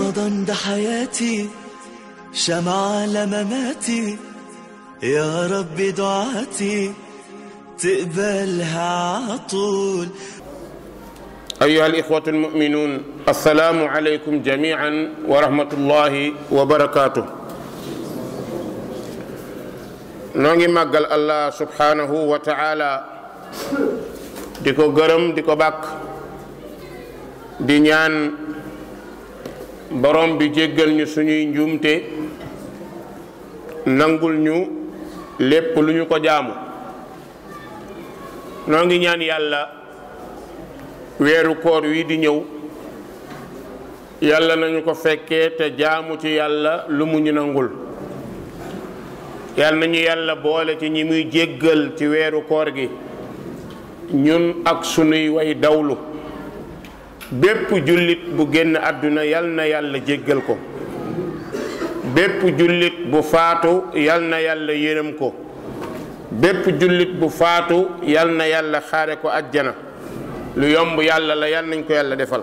رمضان ده حياتي شمعة على مماتي يا رب دعاتي تقبلها عطول أيها الإخوة المؤمنون السلام عليكم جميعا ورحمة الله وبركاته نونغي ماغال الله سبحانه وتعالى ديكو غرم ديكو باك دي ñaan borom bi jéggal ñu suñuy njuumte nangul ñu lépp lu ñu ko jaamu noo ngi ñaan yàlla weeru koor wi di ñëw yàlla nañu ko fekkee te jaamu ci yàlla lu mu ñu nangul yàlla nañu yàlla boole ci ñi muy jéggal ci weeru koor gi ñun ak sunuy way dawlu bépp jullit bu génn àdduna yal na yàlla jéggal ko bépp jullit bu faatu yal na yàlla yërëm ko bépp jullit bu faatu yal na yàlla xaare ko ajjana lu yomb yàlla la yal nañ ko yàlla defal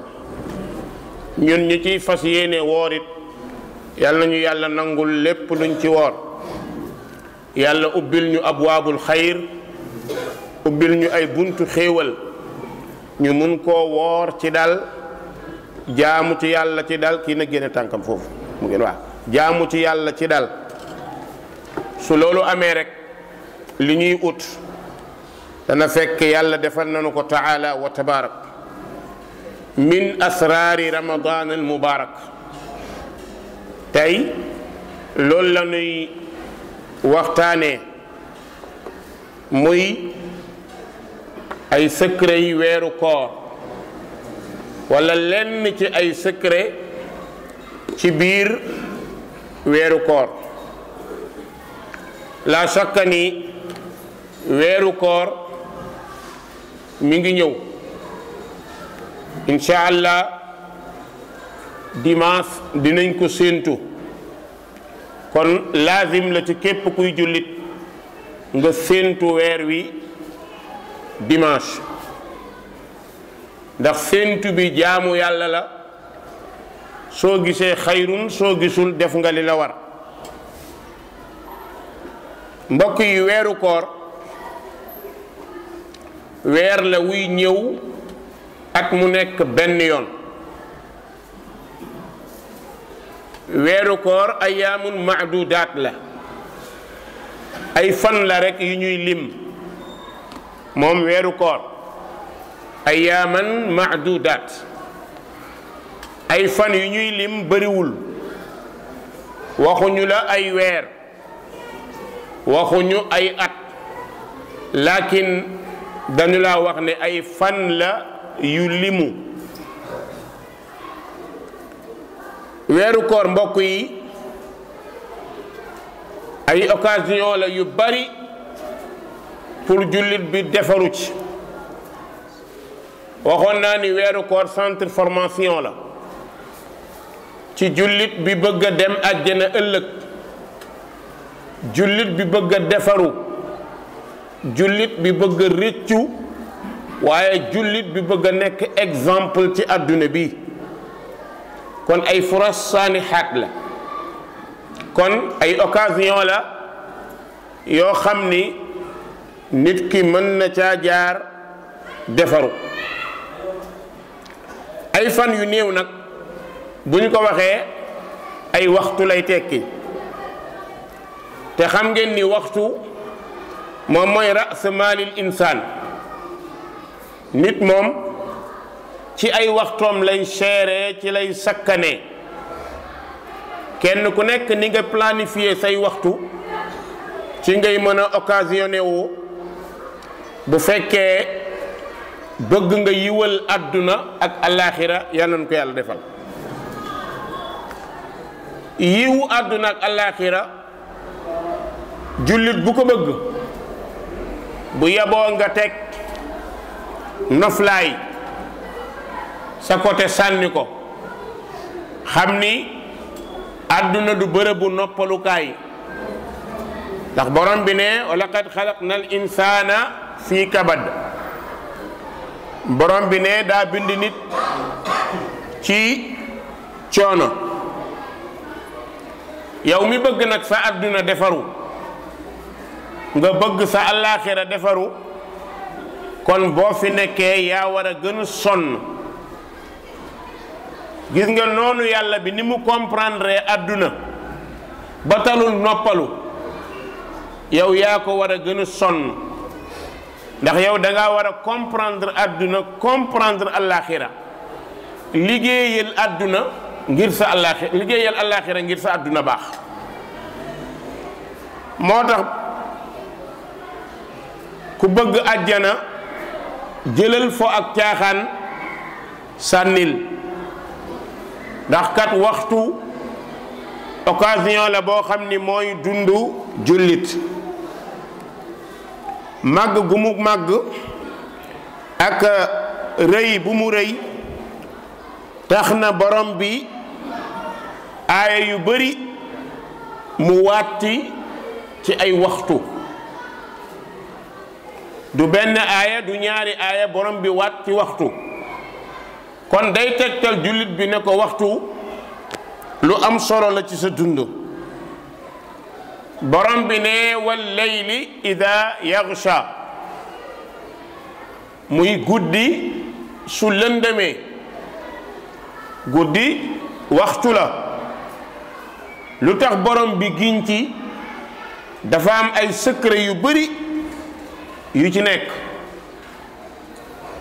ñun ñi ciy fas yéene woor it yal nañu yàlla nangul lépp luñ ci woor yàlla ubbil ñu abwaabul xayr ubbil ñu ay buntu xéewal ñu mun koo woor ci dal jaamu ci yàlla ci dal kii na génne tànkam foofu mu gën waaw jaamu ci yàlla ci dal su loolu amee rek li ñuy ut dana fekk yàlla defal nañu ko taala wa tabaarak min asraari ramadan al mubaarak tey loolu la ñuy waxtaanee muy ay secret yi weeru koor walla lenn ci ay secret ci biir weeru koor la shakka ni weeru koor mi ngi ñëw incha allah dimanche dinañ ko séentu kon laazim la ci képp kuy jullit nga séentu weer wi dimanche ndax séentu bi jaamu yàlla la soo gisee xayrum soo gisul def nga li la war mbokk yi weeru koor weer la wuy ñëw ak mu nekk benn yoon weeru koor ayaamun maadudaat la ay fan la rekk yu ñuy lim moom weeru koor ayaaman maadudaat ay fan yu ñuy lim bariwul waxuñu la ay weer waxuñu ay at laakin dañu la wax ne ay fan la yu limu weeru koor mbokk yi ay occasion la yu bari pour jullit bi defaru ci waxoon naa ni weeru koor centre formation la ci jullit bi bëgg dem àjjana ëllëg jullit bi bëgg defaru jullit bi bëgg a rëccu waaye jullit bi bëgga nekk exemple ci àdduna bi kon ay furas xaat la kon ay occasion la yoo xam ni nit ki mën na caa jaar defaru ay fan yu néew nag bu ñu ko waxee ay waxtu lay tekki te xam ngeen ni waxtu moom mooy ras maalil insaan nit moom ci ay waxtoom lay seeree ci lay sakkanee kenn ku nekk ni nga planifier say waxtu ci ngay mëna a bu fekkee bëgg nga yiwal àdduna ak alaaxira yal nañ ko yiwu àdduna ak alaaxira jullit bu ko bëgg bu yaboo nga teg noflaay sa côté sànni ko xam ni àdduna du bërëbu noppalukaay ndax borom bi ne wa laqad xalaqna al insana fii kabad borom bi ne daa bind nit ci coono yow mi bëgg nag sa adduna defaru nga bëgg sa allaaxira defaru kon boo fi nekkee yaa war a gën sonn gis nga noonu yàlla bi ni mu comprendre adduna ba noppalu yow yaa ko war a gën sonn ndax yow danga ngaa war a comprendre àdduna comprendre allaaxira liggéeyal àdduna ngir sa allaaxira liggéeyal allaaxira ngir sa àdduna baax moo tax ku bëgg àjjana jëlal fo ak caaxaan sànnil ndax kat waxtu occasion la boo xam ni mooy dundu jullit màgg gu mu màgg ak euh, rëy bu mu rëy tax na borom bi aaya yu bari mu wàtti ci ay waxtu du benn aaya du ñaari aaya borom bi waat ci waxtu kon day tegtal jullit bi ne ko waxtu lu am solo la ci sa dund borom bi ne wal layli ida yaxsha muy guddi su lëndëmee guddi waxtu la lu tax borom bi giñ ci dafa am ay secret yu bari yu ci nekk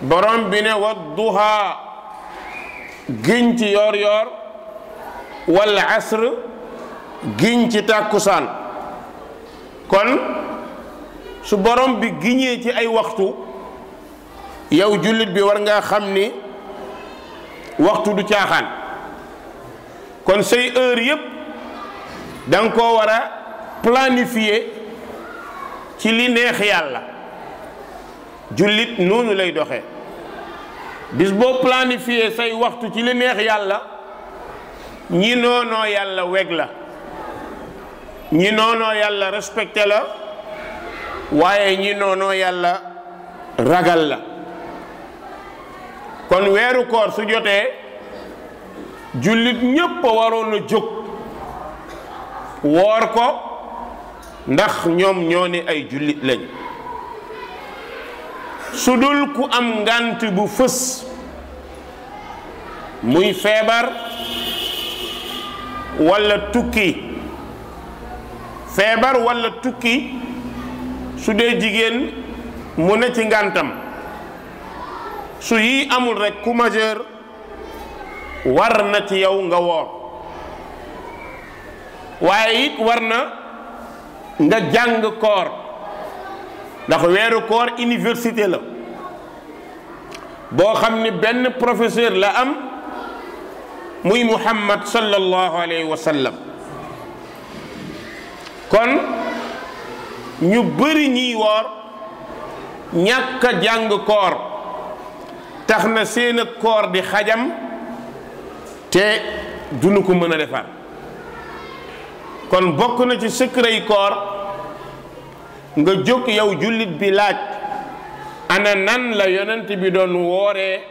borom bi ne wa duha giñ ci yoor yoor wal asr giñ ci tàkkusaan kon su borom bi giñee ci ay waxtu yow jullit bi war ngaa xam ni waxtu du caaxaan kon say heure yépp danga nga koo war a planifier ci li neex yàlla jullit noonu lay doxe bis boo planifier say waxtu ci li neex yàlla ñi noonoo yàlla weg la ñi noonoo yàlla respecté la waaye ñi noonoo yàlla ragal la kon weeru koor su jotee jullit ñépp a waroon a jóg woor ko ndax ñoom ñoo ni ay jullit lañ su dul ku am ngànt bu fës muy feebar walla tukki feebar walla tukki su dee jigéen mu ne ci ngàntam su yii amul rekk ku majeur war na ci yow nga woor waaye it war na nga jàng koor ndax weeru koor université la boo xam ni benn professeur la am muy Muhammad sallallahu alayhi wa sallam kon ñu bëri ñiy woor ñàkk a jàng koor tax na seen ak koor di xajam te duñu ko mën a defar kon bokk na ci secret koor nga jóg yow jullit bi laaj ana nan la yonent bi doon wooree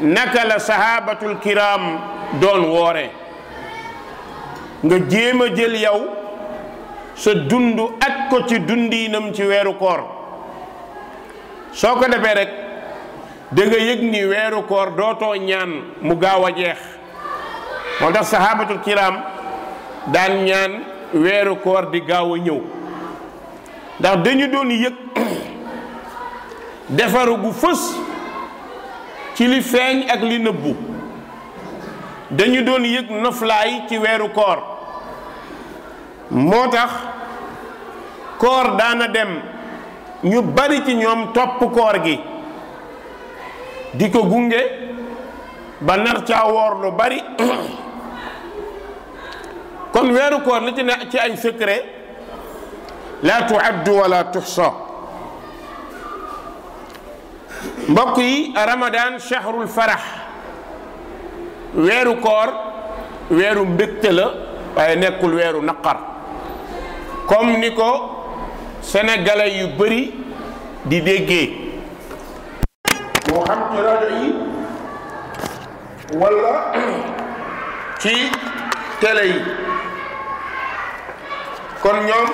naka la sahabatul kiram doon woore nga jéem a jël yow sa dund ak ko ci dundiinam ci weeru koor soo ko defee rekk danga nga yëg ni weeru koor dootoo ñaan mu gaaw a jeex moo tax sahabatul kiram daan ñaan weeru koor di gaaw a ñëw ndax dañu doon yëg defaru fës ci li feeñ ak li nëbbu dañu doon yëg noflaay ci weeru koor moo tax koor daana dem ñu bari ci ñoom topp koor gi di ko gunge ba nar caa woor lu bari kon weeru koor li ci ne ci ay secret la tuaddu wala tuxsa mbokk yi ramadan chahrul farax weeru koor weeru mbégte la waaye nekkul weeru naqar comme ni ko sénégalais yu bari di déggee walla ci télé yi kon ñoom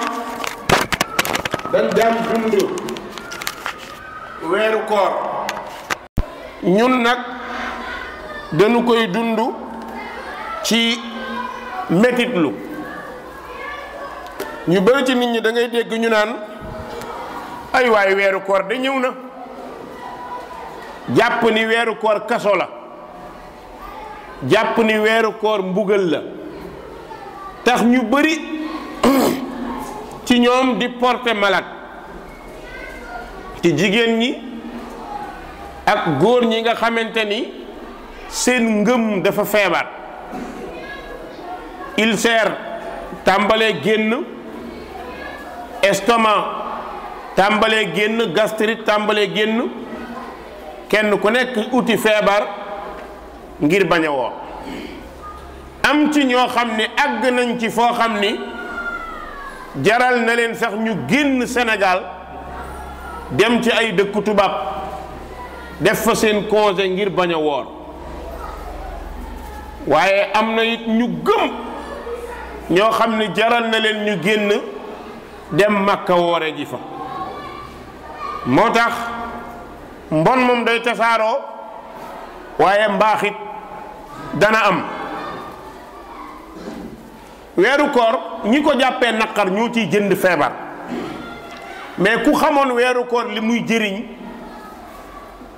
dañ daan dund weeru koor ñun nag dañu koy dund ci metitlu ñu bëri ci nit ñi da dégg ñu naan ay waay weeru koor de ñëw na jàpp ni weeru koor kaso la jàpp ni weeru koor mbugal la tax ñu bari ci ñoom di porter malade ci jigéen ñi ak góor ñi nga xamante ni seen ngëm dafa feebar ulcère tàmbalee génn estomac tàmbalee génn gastrique tàmbalee génn kenn ku nekk uti feebar ngir bañ am ci ñoo xam ni àgg nañ ci foo xam ni jaral na leen sax ñu génn Sénégal dem ci ay dëkku tubaab def fa seen congé ngir bañ a waaye am na it ñu gëm ñoo xam ni jaral na leen ñu génn dem Makka woore fa moo tax mbon moom day tasaaroo waaye mbaaxit dana am weeru koor ñi ko jàppee naqar ñoo ciy jënd feebar mais ku xamoon weeru koor li muy jëriñ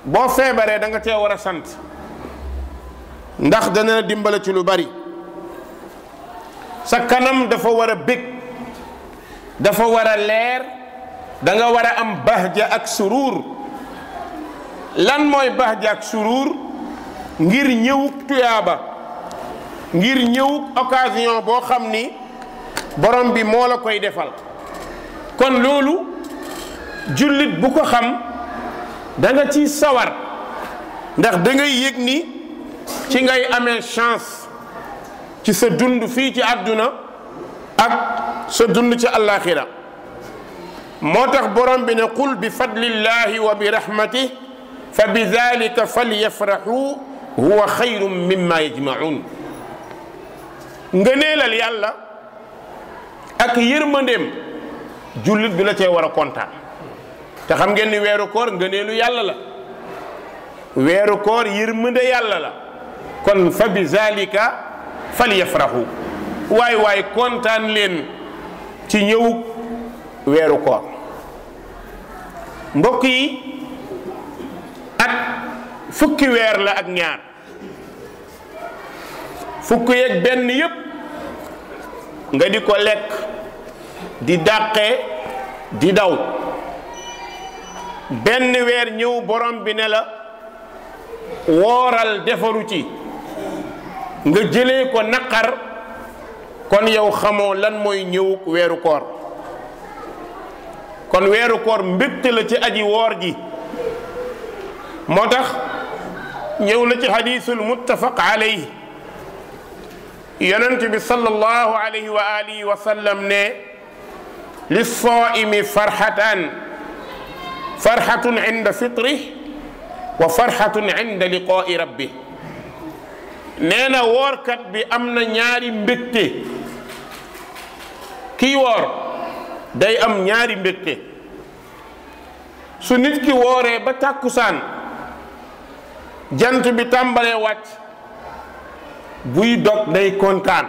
boo feebaree da nga cee war a sant ndax dana la dimbale ci lu bari sa kanam dafa war a bég dafa war a leer danga war a am bahja ak suruur lan mooy bahja ak suruur ngir ñëwuk tuyaaba ngir ñëwuk occasion boo xam ni borom bi moo la koy defal kon loolu jullit bu ko xam da nga ciy sawar ndax da ngay yëg ni ci ngay amee chance ci sa dund fii ci àdduna ak sa dund ci àllaaxira moo tax borom bi ne qul bi fadlillahi wa bi rahmatih fa bi dalika falyafraxu huwa xayrun mimma yajmaun ngëneelal yàlla ak yërmandeem jullit bi la cee war a kontaan te xam ngeen ni weeru koor ngëneelu yàlla la weeru koor yërmande yàlla la kon fa bi zalika falyafraxu waay waay kontaan leen ci ñëw weeru ko mbokk yi ak fukki weer la ak ñaar fukki yépp nga di ko lekk di dàqe di daw benn weer ñëw borom bi ne la wooral defaru ci nga jële ko naqar kon yow xamoo lan mooy ñëw weeru koor kon weeru koor la ci aji woor ji moo tax ñëw la ci xadiisul muttafaq alayhi yonent bi sallallahu alayhi wa alihi wa sallam ne li sooimi farxataan farxatun inda fitrih wa farxatun inda nee na woorkat bi am na ñaari mbégte kii woor day am ñaari mbégte su nit ki wooree ba tàkkusaan jant bi tàmbalee wàcc buy dog day kontaan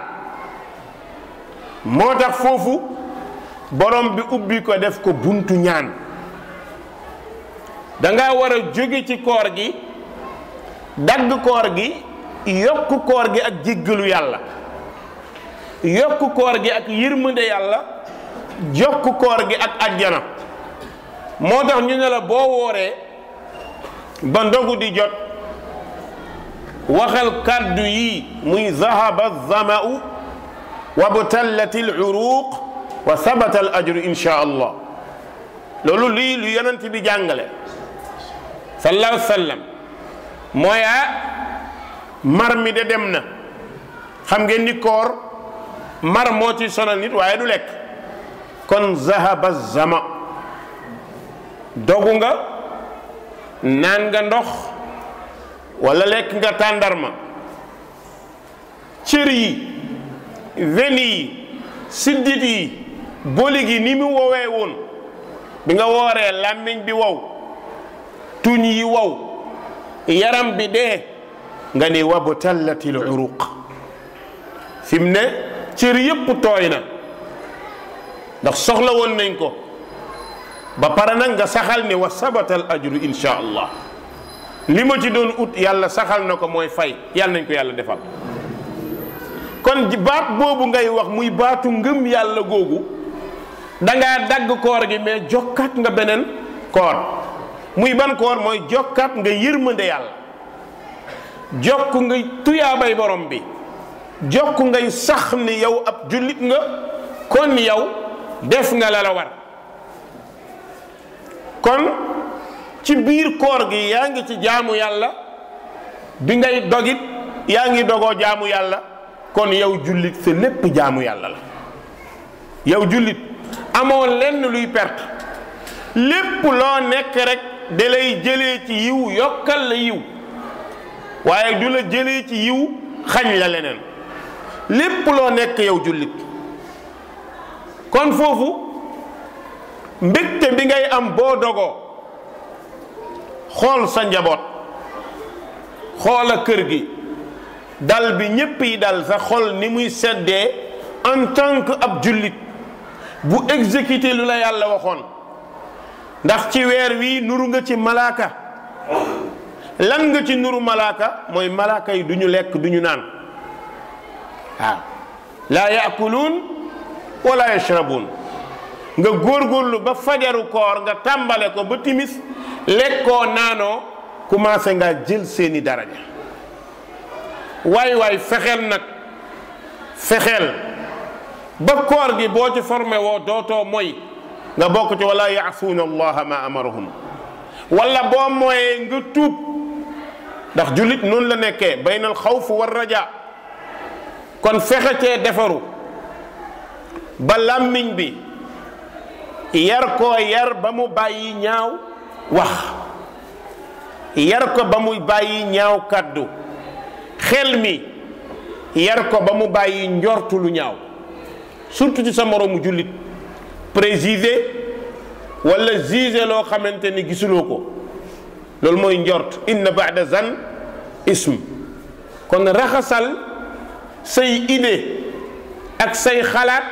moo tax foofu borom bi ubbi ko def ko buntu ñaan danga war a jóge ci koor gi dagg koor gi yokk koor gi ak jéggalu yàlla yokk koor gi ak yërmande yàlla jokk koor gi ak ajjana moo tax ñu ne la boo wooree ba ndogu di jot waxal kàddu yi muy zahaba zama'u wa butallati al uruq wa sabata al ajru insha allah loolu lii lu yonent bi jàngale sallallahu sallam mooy ah, mar mi de dem na xam ngeen ni koor mar moo ci sonal nit waaye du lekk kon zahaba zama dogu nga naan nga ndox walla lekk nga tàndarma cër yi veni yi siddit yi boli gi ni mu woowee woon bi nga wooree làmmiñ bi wow tuñ yi wow yaram bi dee nga ni wabtallatil uruq fi mu ne cër yëpp tooy na ndax soxla woon nañ ko ba pare nag nga saxal ni wa sabatal ajru insha allah li ma ci doon ut yàlla saxal na ko mooy fay yàlla nañ ko yàlla defal kon baat boobu ngay wax muy baatu ngëm yàlla googu dangaa dagg koor gi mais jokkaat nga beneen koor muy ban koor mooy jokkat nga yërmande yàlla jokk ngay tuyaabay borom bi jokk ngay sax ni yow ab jullit nga kon yow def nga la la war kon ci biir koor gi yaa ngi ci jaamu yàlla bi ngay dogit yaa ngi dogoo jaamu yàlla kon yow jullit sa lépp jaamu yàlla la yow jullit amoo lenn luy pert lépp loo nekk rekk da jële ci yiw yokkal la yiw waaye du la jëlee ci yiw xañ la leneen lépp loo nekk yow jullit kon foofu mbégte bi ngay am boo dogoo xool sa njaboot xoola kër gi dal bi ñépp yi dal sa xol ni muy seddee en tant ab jullit bu exécuté lu la yàlla waxoon ndax ci weer wi nuru nga ci malaaka lan nga ci nuru malaaka mooy malaaka yi du ñu lekk duñu naan waaw laa yaakuluun wala yashrabuun nga góorlu ba fajaru koor nga tàmbale ko ba timis lekkoo naanoo commencé nga jël seeni daraja waay waay fexeel nag fexeel ba koor gi boo ci formé woo dootoo moy nga bokk ci wala yaasuuna ma amarahum wala boo mooyee nga tuub ndax jullit noonu la nekkee baynal xawf war rajaa kon fexe cee defaru ba làmmiñ bi yar ko yar ba mu bàyyi ñaaw wax yar ko ba mu bàyyi ñaaw kàddu xel mi yar ko ba mu bàyyi njortu lu ñaaw surtout ci sa moroomu jullit présider wala juger loo xamante ni gisuloo ko loolu mooy njort ba baada zan ism kon raxasal say idée ak say xalaat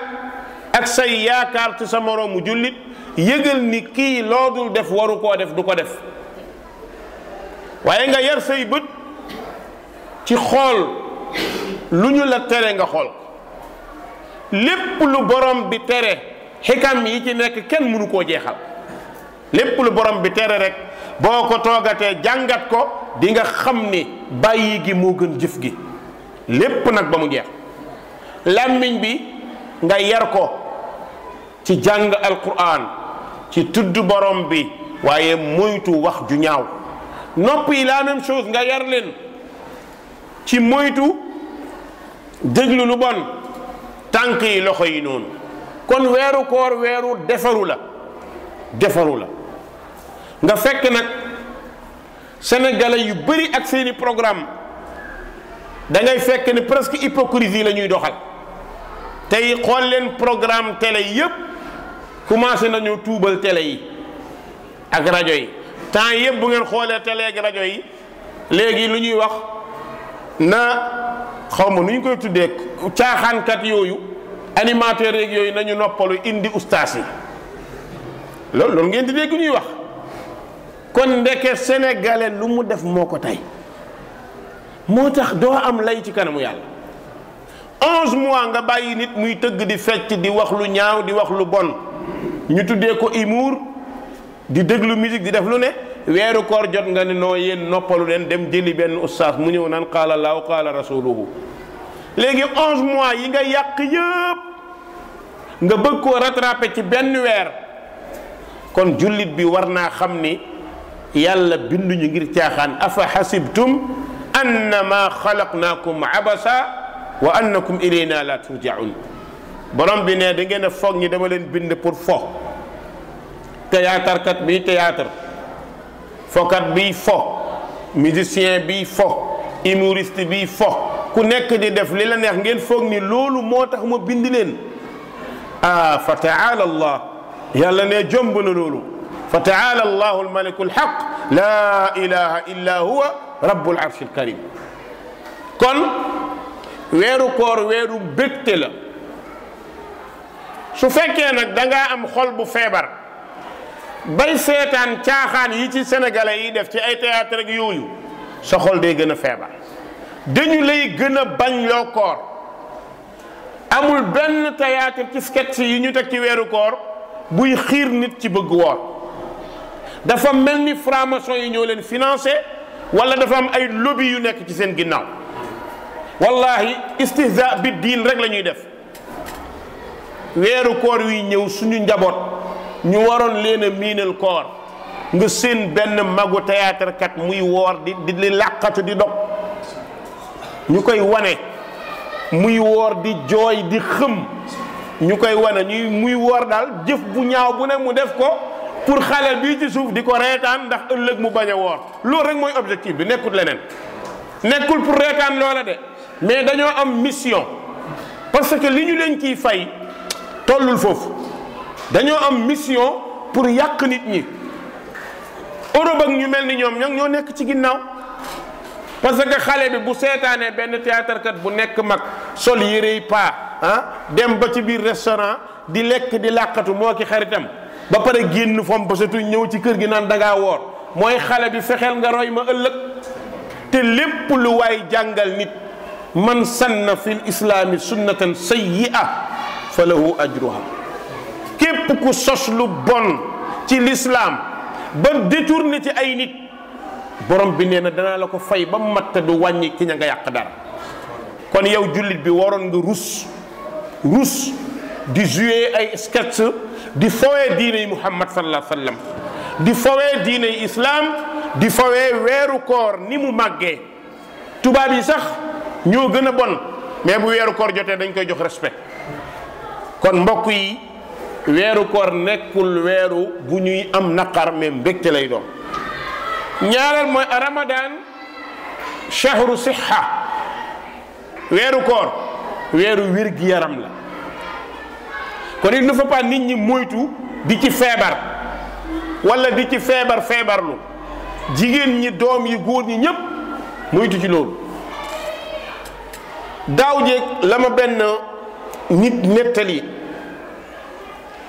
ak say yaakaar ci sa moroomu jullit yëgal ni kii loo def waru koo def du ko def waaye nga yar say bët ci xool lu ñu la tere nga xool lépp lu borom bi tere xikam yi ci nekk kenn mënu koo jeexal lépp lu borom bi tere rek boo ko toogatee jàngat ko dinga xam ni bàyyi gi moo gën jëf gi lépp nag ba mu jeex làmmiñ bi nga yar ko ci jàng alquran ci tudd borom bi waaye moytu wax ju ñaaw nopp yi la même chose nga yar leen ci moytu déglu lu bon tànk yi loxo yi noonu kon weeru koor weeru defaru la defaru la nga fekk nag sénégalais yu bëri ak seeni programme da ngay fekk ni presque hypocrisie la ñuy doxal tey xool leen programme télé yépp commencé nañu tuubal télé yi ak rajo yi temps yëpp bu ngeen xoolee tele ak rajo yi léegi lu ñuy wax na xawma ma nu ñu koy tuddee caaxaankat yooyu animateur yeeg yooyu nañu noppalu indi ustaas yi loolu loolu ngeen di dégg ñuy wax kon ndeke sénégalais lu mu def moo ko tey moo tax doo am lay ci kanamu yàlla onze mois nga bàyyi nit muy tëgg di fecc di wax lu ñaaw di wax lu bon ñu tuddee ko humour di déglu musique di def lu ne weeru koor jot nga ne noo yéen noppalu leen dem jëli benn ustaas mu ñëw naan qaala laaw qaala rasuluhu léegi onze mois yi nga yàq yëpp nga bëgg koo rattrapé ci benn weer kon jullit bi war naa xam ni yàlla binduñu ngir caaxaan afa xasibtum annama xalaqnaakum abasa wa annakum ilayna la turjaun borom ne da ngeen a foog ñi dama leen bind pour fo théâtre kat bi théâtre fokat bi fo musicien bi fo humoriste bi fo ku nekk di def li la neex ngeen foog ni loolu moo tax ma bind leen ah fa taala allah yàlla ne jomb na loolu fa taala allahu almaliku alxaq la ilaha illa huwa karim kon weeru koor weeru bégte la su fekkee nag danga am xol bu feebar bay seetaan caaxaan yi ci sénégalais yi def ci ay théâtre ak yooyu sa xol day gën a feebar dañu lay gën a bañ loo koor amul benn théâtre ci sketch yi ñu teg ci weeru koor buy xiir nit ci bëgg woor dafa mel ni franc yu ñëw leen financé wala dafa am ay lobby yu nekk ci seen ginnaaw wallahi istihza bi diin rek lañuy def weeru koor wi ñëw suñu njaboot ñu waroon leen a miinal koor nga seen benn magu théâtre kat muy woor di di li làqatu di dog ñu koy wane muy woor di jooy di xëm ñu koy wane ñuy muy woor daal jëf bu ñaaw bu ne mu def ko pour xale bii ci suuf di ko reetaan ndax ëllëg mu bañ a woor loolu rek mooy objectif bi nekkul leneen nekkul pour reetaan loola de mais dañoo am mission parce que li ñu leen ciy fay tollul foofu dañoo am mission pour yàq nit ñi Europe ak ñu mel ni ñoom ñoo nekk ci ginnaaw parce que xale bi bu seetaanee benn théâtre bu nekk mag sol yére yi paa ah dem ba ci biir restaurant di lekk di làqatu moo ki xaritam ba pare génn fompasatu ñëw ci kër gi naan dangaa woor mooy xale bi fexeel nga roy ma ëllëg te lépp lu waay jàngal nit man sanna fil islaami sunnatan sayyi'a fa lahu ajruha képp ku sos lu bon ci lislaam ba détourné ci ay nit borom bi nee na dana la ko fay ba matt du wàññi ki ña nga yàq dara kon yow jullit bi waroon nga rus rus di jouer ay sketch di fowee diine yi Muhammad sallallahu alayhi wa sallam di fowee diine yi islaam di fowee weeru koor ni mu màggee tubaab yi sax ñoo gën a bon mais bu weeru koor jotee dañ koy jox respect kon mbokk yi weeru koor nekkul weeru bu ñuy am naqar mais mbégte lay doon ñaareel mooy ramadan shahru siha weeru koor weeru wirgi yaram la kon il ne faut nit ñi moytu di ci feebar walla di ci feebar feebarlu jigéen ñi doom yi góor ñi ñépp moytu ci loolu daaw jéeg la ma benn nit nettali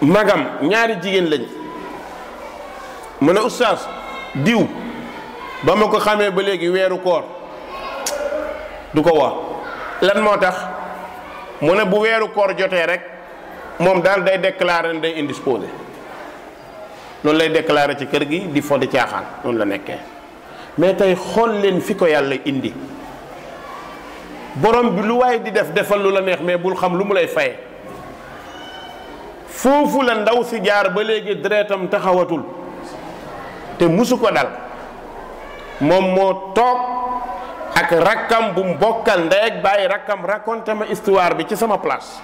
magam ñaari jigéen lañ mu ne oustaz diw ba ma ko xamee ba léegi weeru koor du ko wax lan moo tax mu ne bu weeru koor jotee rek moom daal day déclaré ne day indisposé loolu lay déclaré ci kër gi di fo di caaxaan noonu la nekkee mais tey xool leen fi ko yàlla indi borom bi lu waaye di def defal lu la neex mais bul xam lu mu lay faye foofu la ndaw si jaar ba léegi deretam taxawatul te musu ko dal moom moo toog ak rakkam bu mbokkal ndey ak bàyyi rakkam raconté ma istuwaar bi ci sama place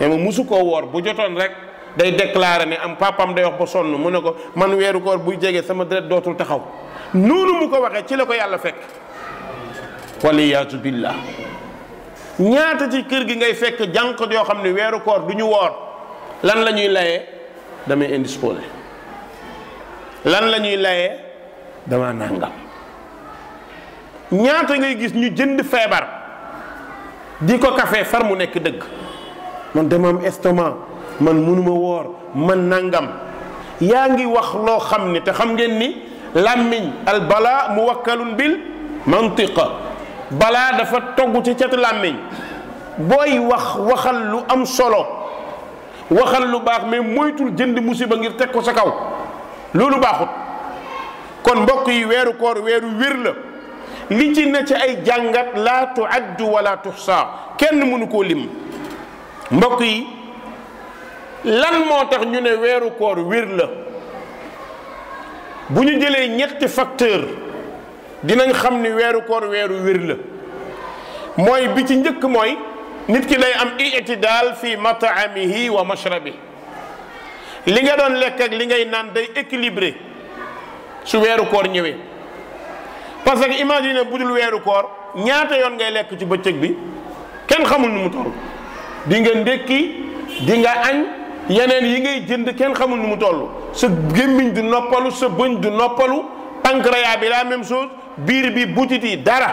ne moom musu koo woor bu jotoon rek day déclaré ne am papam day wax ba sonn mu ne ko man weeru koor buy jege sama deret dootul taxaw noonu mu ko waxee ci la ko yàlla fekk waliyaatu billah ñaata ci kër gi ngay fekk jànq yoo xam ne weeru koor du ñu woor lan la ñuy layee damay indisposé lan la ñuy layee dama nàngam ñaata ngay gis ñu jënd feebar di ko kafe far mu nekk dëgg man dama am man mënuma woor man nangam yaa ngi wax loo xam ni te xam ngeen ni làmmiñ al balaa muwakkalun bil mantiqa balaa dafa togg ci catu làmmiñ booy wax waxal lu am solo waxal lu baax mais moytul jënd musiba ngir teg ko sa kaw loolu baaxut kon mbokk yi weeru koor weeru wér la li ci ne ci ay jàngat laa tuaddu wala tuxsa kenn mënu koo lim mbokk yi lan moo tax ñu ne weeru koor wiir la bu ñu jëlee ñetti facteur dinañ xam ni weeru koor weeru wér la mooy bi ci njëkk mooy nit ki day am i'tidaal fi mataamihi wa mashrabi li nga doon lekk ak li ngay naan day équilibré su weeru koor ñëwee parce que imagine budul weeru koor ñaata yoon ngay lekk ci bëccëg bi kenn xamul nu mu toll di nga ndékki di nga añ yeneen yi ngay jënd kenn xamul nu mu toll sa gémmiñ du noppalu sa bëñ du noppalu pancréas bi la même chose biir bi butit yi dara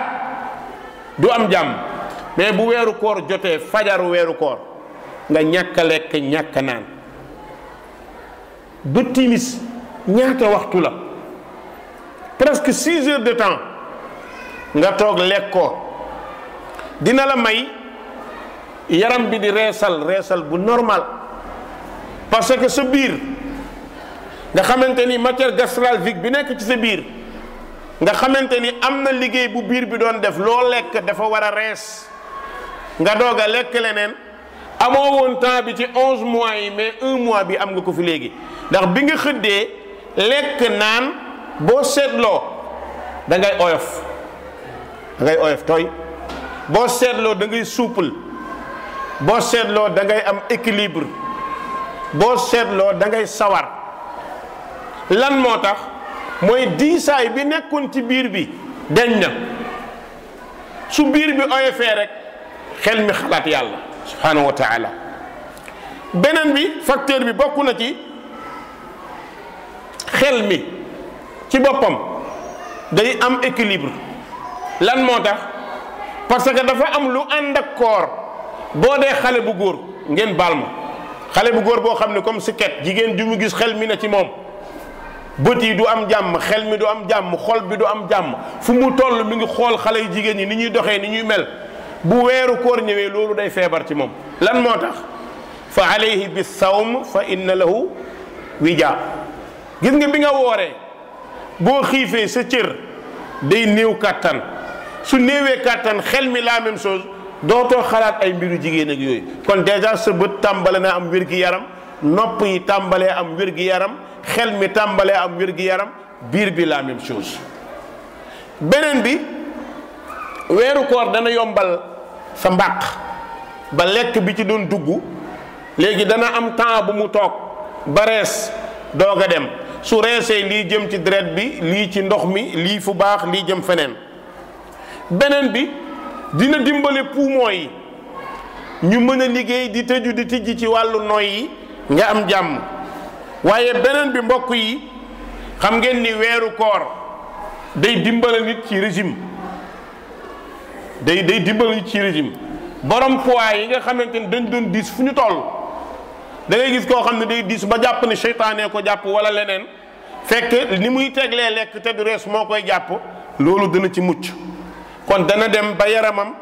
du am jàmm mais bu weeru koor jotee fajar weeru koor nga ñàkk lekk ñàkk naan ba timis ñaata waxtu la presque six heures de temps nga toog lekkoo dina la may yaram bi di reesal reesal bu normal parce que sa biir nga xamante ni matière gastralgique bi nekk ci sa biir nga xamante ni am na liggéey bu biir bi doon def loo lekk dafa war a rees nga doog a lekk leneen amoo woon temps bi ci onze mois yi mais un mois bi am nga ko fi léegi ndax bi nga xëddee lekk naan boo seetloo dangay oyof da ngay oyof tooy boo seetloo da ngay souple boo seetloo da ngay am équilibre boo seetloo da ngay sawar lan moo tax mooy diisaay bi nekkoon ci biir bi deñ na su biir bi oyofee rek xel mi xalaat yàlla subhanahu wa beneen bi facteur bi bokku na ci xel mi ci boppam day am équilibre lan moo tax parce que dafa am lu ànd ak koor boo dee xale bu góor ngeen baal ma xale bu góor boo xam ne comme sikket jigéen di mu gis xel mi ne ci moom bët yi du am jàmm xel mi du am jàmm xol bi du am jàmm fu mu toll mi ngi xool xale yu jigéen ñi ni ñuy doxee ni ñuy mel bu weeru koor ñëwee loolu day feebar ci moom lan moo tax fa alayhi bi sawm fa inna lahu wija gis nga bi nga wooree boo xiifee sa cër day néew kàttan su néewee kàttan xel mi la même chose dootoo xalaat ay mbiru jigéen ak yooyu kon dèjà sa bët tàmbale na am wér-gi-yaram nopp yi tàmbalee am wér-gi-yaram xel mi tàmbalee am wér yaram biir bi la même chose beneen bi weeru koor dana yombal sa mbàq ba lekk bi ci doon dugg léegi dana am temps bu mu toog ba rees doog a dem su reesee lii jëm ci dret bi lii ci ndox mi lii fu baax lii jëm feneen beneen bi dina dimbale poumon yi ñu mën a liggéey di tëju di tijji ci wàllu noy yi nga am jàmm waaye beneen bi mbokk yi xam ngeen ni weeru koor day dimbale nit ci régime day day dimbale ci régime borom poids yi nga xamante ni dañ doon diis fu ñu toll da gis koo xam ne day diis ba jàpp ne seytaane ko jàpp wala leneen fekk ni muy teglee lekk te du rees moo koy jàpp loolu dana ci mucc kon dana dem ba yaramam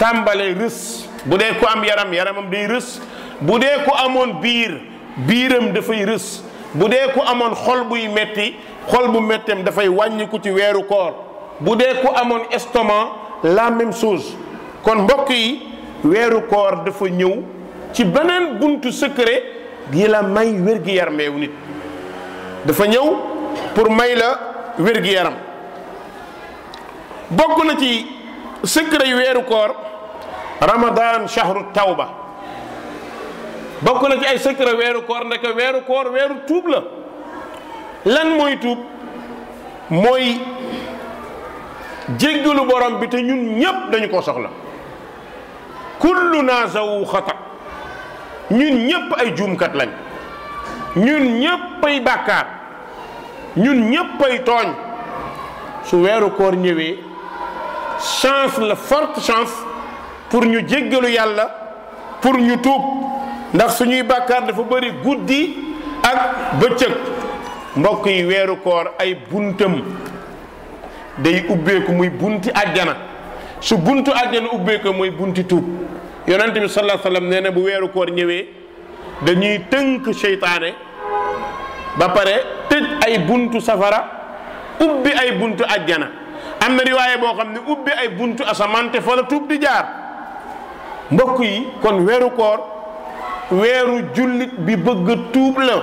tàmbalee rës bu dee ku am yaram yaramam day rës bu dee ku amoon biir biiram dafay rës bu dee ku amoon xol buy metti xol bu mettem dafay wàññiku ci weeru koor bu dee ku amoon estomac la même chose kon mbokk yi weeru koor dafa ñëw ci beneen buntu secret yi la may wér-gi-yarameewu nit dafa ñëw pour may la wér-gi-yaram bokk na ci secret yu weeru koor ramadan shahru tawba bokk na ci ay secret weeru koor ndeke weeru koor weeru tuub la lan mooy tuub mooy jéggalu borom bi te ñun ñëpp dañu ko soxla kullu naasawu xata ñun ñëpp ay juumkat lañ ñun ñëpp ay ñun ñëpp tooñ su weeru koor ñëwee chance la forte chance pour ñu jéggalu yàlla pour ñu tuub ndax suñuy bàkkaar dafa bëri guddi ak bëccëg mbokk yi weeru koor ay buntam day ubbeeku muy bunti àjjana su buntu àjjana ubbeeku muy bunti tuub yonent bi sallallahu alayhi nee na bu weeru koor ñëwee dañuy tënk seytaane ba pare tëj ay buntu safara ubbi ay buntu àjjana am na riwaaye boo xam ne ubbi ay buntu asamante te fa la di jaar mbokk yi kon weeru koor weeru jullit bi bëgg tuub la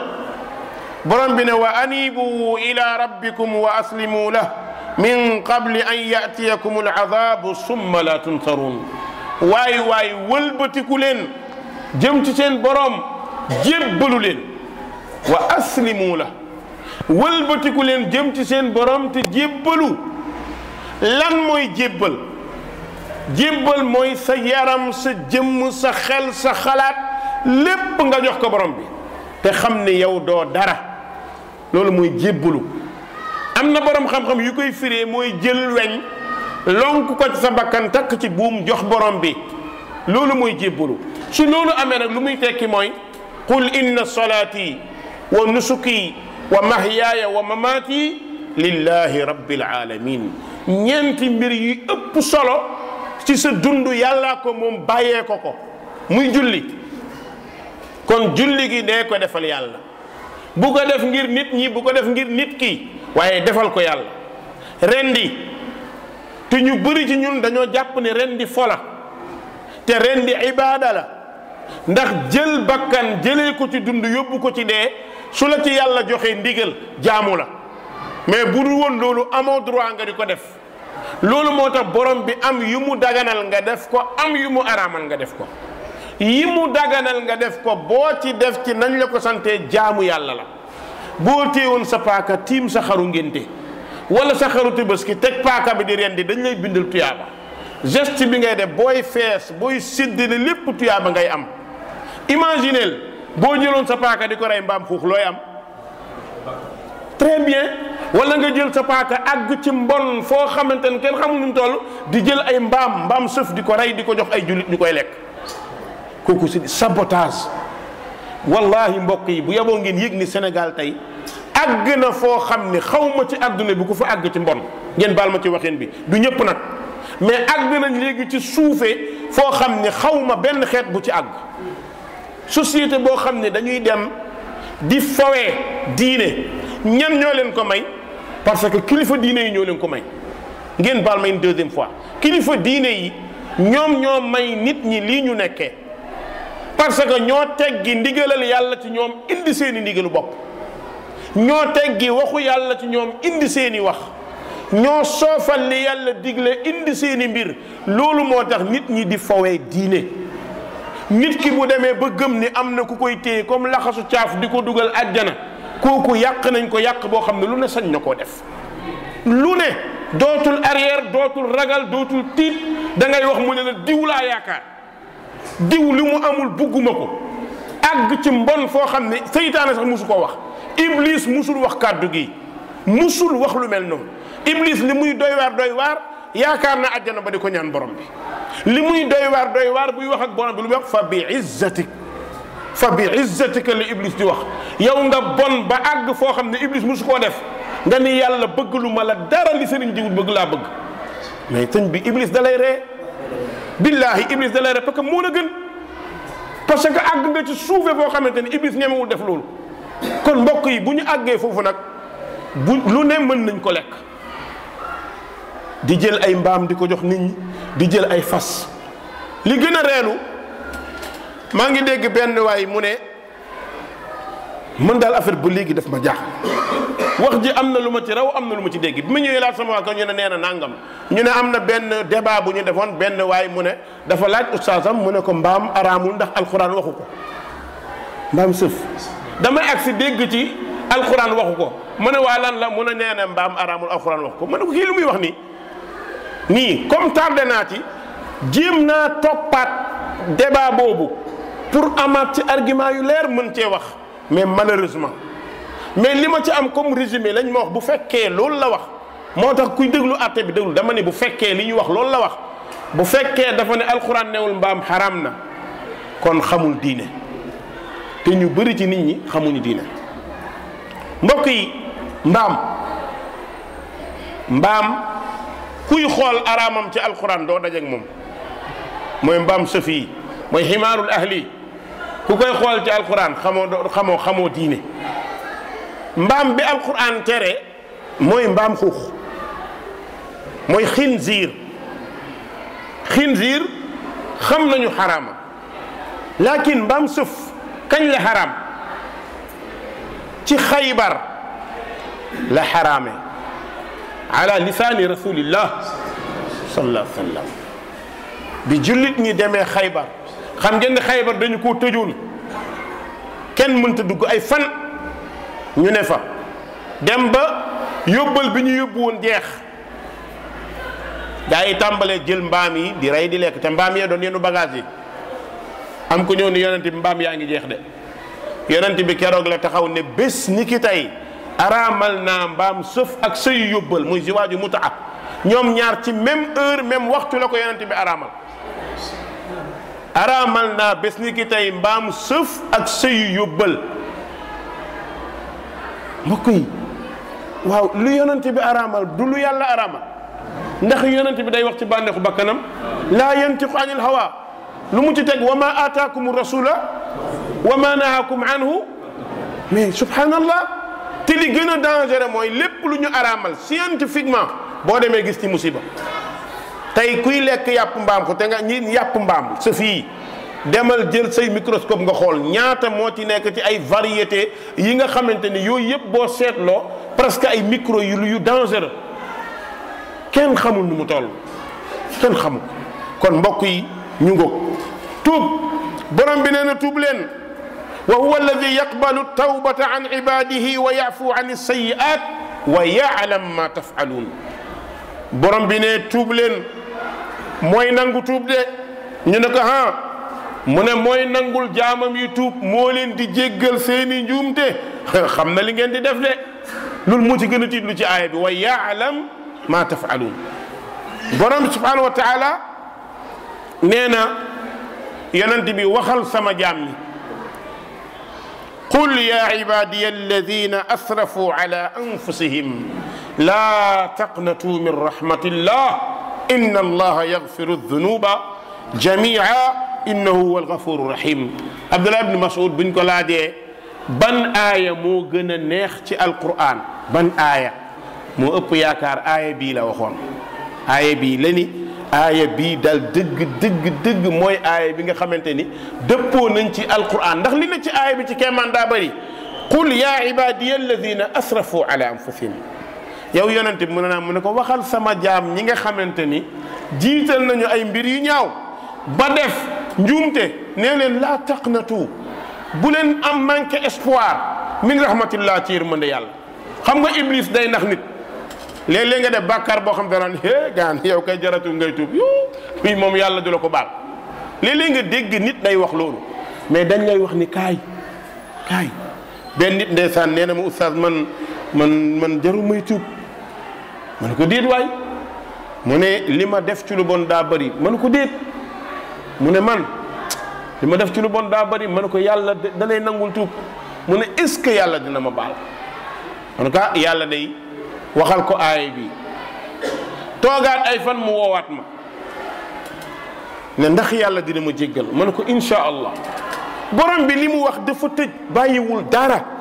borom bi ne wa anibu ila rabbikum wa aslimu lah min qabli an yatiyakum al adabu summa la tunsaruun waay waay wëlbatiku leen jëm ci seen borom jébbalu leen wa aslimu la wëlbatiku leen jëm ci seen borom te jébbalu lan mooy jébbal jébbal mooy sa yaram sa jëmm sa xel sa xalaat lépp nga jox ko borom bi te xam ne yow doo dara loolu mooy jébbalu am na borom xam-xam yu koy firee mooy jël weñ lonk ko ci sa bakkan takk ci buum jox borom bi loolu mooy jébbalu su loolu amee na lu muy tekki mooy qul inna salaati wa nusuki wa mahyaaya wa mamaati lillahi rabbil alamin ñenti mbir yi ëpp solo ci sa dund yàllaa ko moom bàyyee ko ko muy julli kon julli gi dee ko defal yàlla bu ko def ngir nit ñi bu ko def ngir nit ki waaye defal ko yàlla rendi te ñu bari ci ñun dañoo jàpp ne rendi fola te rendi ibaada la ndax jël bakkan jëlee ko ci dund yóbbu ko ci dee su la ci yàlla joxee ndigal jaamu la mais bu dul woon loolu amoo droit nga di ko def loolu moo tax borom bi am yu mu daganal nga def ko am yu mu araamal nga def ko yi mu daganal nga def ko boo ci def ci nañ la ko santee jaamu yàlla la boo téewoon sa paaka tiim sa xaru ngénte wala sa xaru tabaski teg paaka bi di ren di dañ lay bindal tuyaaba geste bi ngay def booy fees booy séddale lépp tuyaaba ngay am imagineel boo jëloon sa paaka di ko rey mbaam xuux looy am wala nga jël sa paaka àgg ci mbon foo xamante ne kenn xamul nu di jël ay mbaam mbaam sëf di ko rey di ko jox ay jullit ñu koy lekk kooku si sabotage wallahi mbokk yi bu yaboo ngeen yëg ni Sénégal tey àgg na foo xam ne xaw ci àdduna bi ku fa àgg ci mbon ngeen baal ma ci waxin bi du ñëpp nag mais àgg nañ léegi ci suufee foo xam ne xaw benn xeet bu ci àgg société boo xam ne dañuy dem di fowee diine ñan ñoo leen ko may parce que kilifa diine yi ñoo leen ko may ngeen baal may une deuxième fois kilifa diine yi ñoom ñoo may nit ñi lii ñu nekkee parce que ñoo teggi ndigalal yàlla ci ñoom indi seeni i ndigalu bopp ñoo teggi waxu yàlla ci ñoom indi seen i wax ñoo soofal li yàlla digle indi seen i mbir loolu moo tax nit ñi di fawee diine nit ki bu demee ba gëm ni am na ku koy téye comme laxasu caaf di ko dugal àjjana kooku yàq nañ ko yàq boo xam ne lu ne sañ na koo def lu ne dootul arrière dootul ragal dootul tiit dangay wax mu ne la diw laa yaakaar diw li mu amul bugguma ko àgg ci mbon foo xam ne seytaane sax musu koo wax iblis musul wax kàddu gi musul wax lu mel noonu iblis li muy doy waar doy waar yaakaar na àjjana ba di ko ñaan borom bi li muy doy waar waar buy wax ak borom bi lu muy wax fa bi izzatik fa bi izzatika la iblis di wax yow nga bon ba àgg foo xam ne mu su koo def nga ni yàlla bëgg lu ma la dara li sëriñ diwut bëgg laa bëgg mais tëñ bi iblis da lay ree billaahi iblis da lay ree parce que moo la gën parce que àgg nga ci suufe boo xamante ni iblis ñemewul def loolu kon mbokk yi bu ñu àggee foofu nag bu lu ne mën nañ ko lekk di jël ay mbaam di ko jox nit ñi di jël ay fas li gën a reelu maa ngi dégg benn waay mu ne mën daal affaire bu léegi dafa ma jaaxal wax ji am na lu ma ci raw am na lu ma ci dégg bi ma ñëwee laaj sama waa kër ñu ne nee na nangam ñu ne am na benn débat bu ñu defoon benn waay mu ne dafa laaj ustaasam mu ne ko mbaam araamul ndax alxuraan waxu ko mbaam sëf dama agsi dégg ci alxuraan waxu ko mu ne waa lan la mu ne nee mbaam araamul alxuraan waxu ko mu ne ko kii lu muy wax nii nii comme tardé naa ci jéem naa toppaat débat boobu. pour amaat ci argument yu leer mën cee wax mais malheureusement mais li ma ci am comme résumé lañ ma wax bu fekkee loolu la wax moo tax kuy déglu àtte bi déglu dama ne bu fekkee li ñu wax loolu la wax bu fekkee dafa ne alxuraan newul mbaam xaraam na kon xamul diine te ñu bari ci nit ñi xamuñu diine mbokk yi mbaam mbaam kuy xool araamam ci alxuraan doo dajeek moom mooy mbaam sëf mooy ximaarul ahli ku koy xool ci alquran xamoo xamoo xamoo diine mbaam bi alquran tere mooy mbaam xuux mooy xinziir xinziir xam nañu xaraama laakin mbaam suuf kañ la xaraam ci xaybar la xaraame ala lisaani rasulillah sallallahu alayhi wa sallam bi jullit ñi demee xaybar xam ngeen ne xaybar dañu koo tëjoon kenn mënta dugg ay fan ñu ne fa dem ba yóbbal bi ñu yóbbu woon jeex gaa yi tàmbalee jël mbaam yi di rey di lekk te mbaam yee doon yenu bagage yi am ko ñëw ni yonent bi mbaam yaa ngi jeex de yonent bi keroog la taxaw ne bés ni ki tey araamal naa mbaam sëf ak sëyu yóbbal muy ziwaaju mutaa ñoom ñaar ci même heure même waxtu la ko yonent bi araamal araamal naa bés ni tey mbaam sëf ak sëyu yóbbal mbokk yi waaw lu yonent bi araamal du lu yàlla araamal ndax yonent bi day wax ci bànneexu bakkanam laa yantiqu anil hawa lu mu ci teg wa ma aataakum rasula wa ma nahakum anhu mais subhanallah te li gëna a dangereux mooy lépp lu ñu araamal scientifiquement boo demee gis ci musiba tey kuy lekk yàpp mbaam ko te nga ñi yàpp mbaam sa fi demal jël say microscope nga xool ñaata moo ci nekk ci ay variété yi nga xamante ni yooyu yëpp boo seetloo presque ay micro yu yu dangereux kenn xamul lu mu toll kenn xamul kon mbokk yi ñu ngóog tuub borom bi nee na tuub leen wa huwa alladi yaqbalu tawbata an ibadihi wa yafu an alsayiat wa yaalam ma tafaluun borom bi ne tuub leen mooy nangu tuub de ñu ne ko ah mu mooy nangul jaamam yi tuub moo leen di jéggal seeni njuumte xam na li ngeen di def de loolu moo ci gën a tiitlu ci aaya bi wa yaalam ma tafaaluun borom subhanahu wa taala nee na yonent bi waxal sama jaam ñi qul ya ibadiya alladina asrafu ala anfusihim la taqnatu min rahmatillah inna allaha yagfiru dunuba jamia innahu huwa algafuru rahim abdullah ibni masud buñ ko laajee ban aaya moo gën a neex ci alquran ban aaya moo ëpp yaakaar aaya bii la waxoon aaya bii la ni aaya bii daal dëgg dëgg dëgg mooy aaya bi nga xamante ni dëppoo nañ ci alquran ndax li na ci aaya bi ci kéemaan daa bëri qul yaa ibadiya alladina asrafu ala anfusihim yow yonent bi mu ne naa mu ne ko waxal sama jaam ñi nga xamante ni jiital nañu ay mbir yu ñaaw ba def njuumte ne leen laa taqnatu bu leen am manque espoir min rahmatillah mën yërmande yàlla xam nga iblis day nax nit léeg-léeg nga def bàkkaar boo xam danaan é gaan yow kay jaratu ngay tuub yu fii moom yàlla du la ko baal léeg-léeg nga dégg nit day wax loolu mais dañ lay wax ni kaay kaay benn nit ndeysaan nee na ma oustaz man man man jaru may tuub ma ko déet waay mu ne li ma def ci lu bon daa bari ma ne ko déet mu ne man li ma def ci lu bon daa bari man ne ko yàlla da lay nangul tuub mu ne est-ce que yàlla dina ma baal man ne ko ah, yàlla day waxal ko aay bi toogaat ay fan mu woowaat ma ne ndax yàlla dina ma jéggal man ne ko insha allah borom bi li mu wax dafa tëj bàyyiwul daara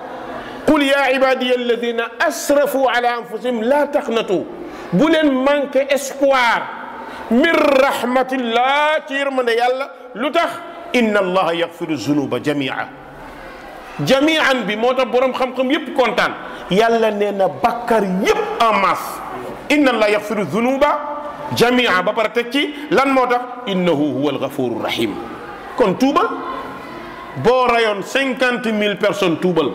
qul yaa ibadiya alladina asrafu ala anfusihim la taqnatu bu leen manqué espoir min rahmatillah ci yërmande yàlla lu tax inna allaha yaxfiru zunuba jamia jamian bi moo tax boroom xam-xam yépp kontaan yàlla nee na bakkar yépp en masse inna allaha yaxfiru zunuba jamia ba pare teg ci lan moo tax innahu huwa algafuru rahim kon tuubal boo rayoon cinquante mille personnes tuubal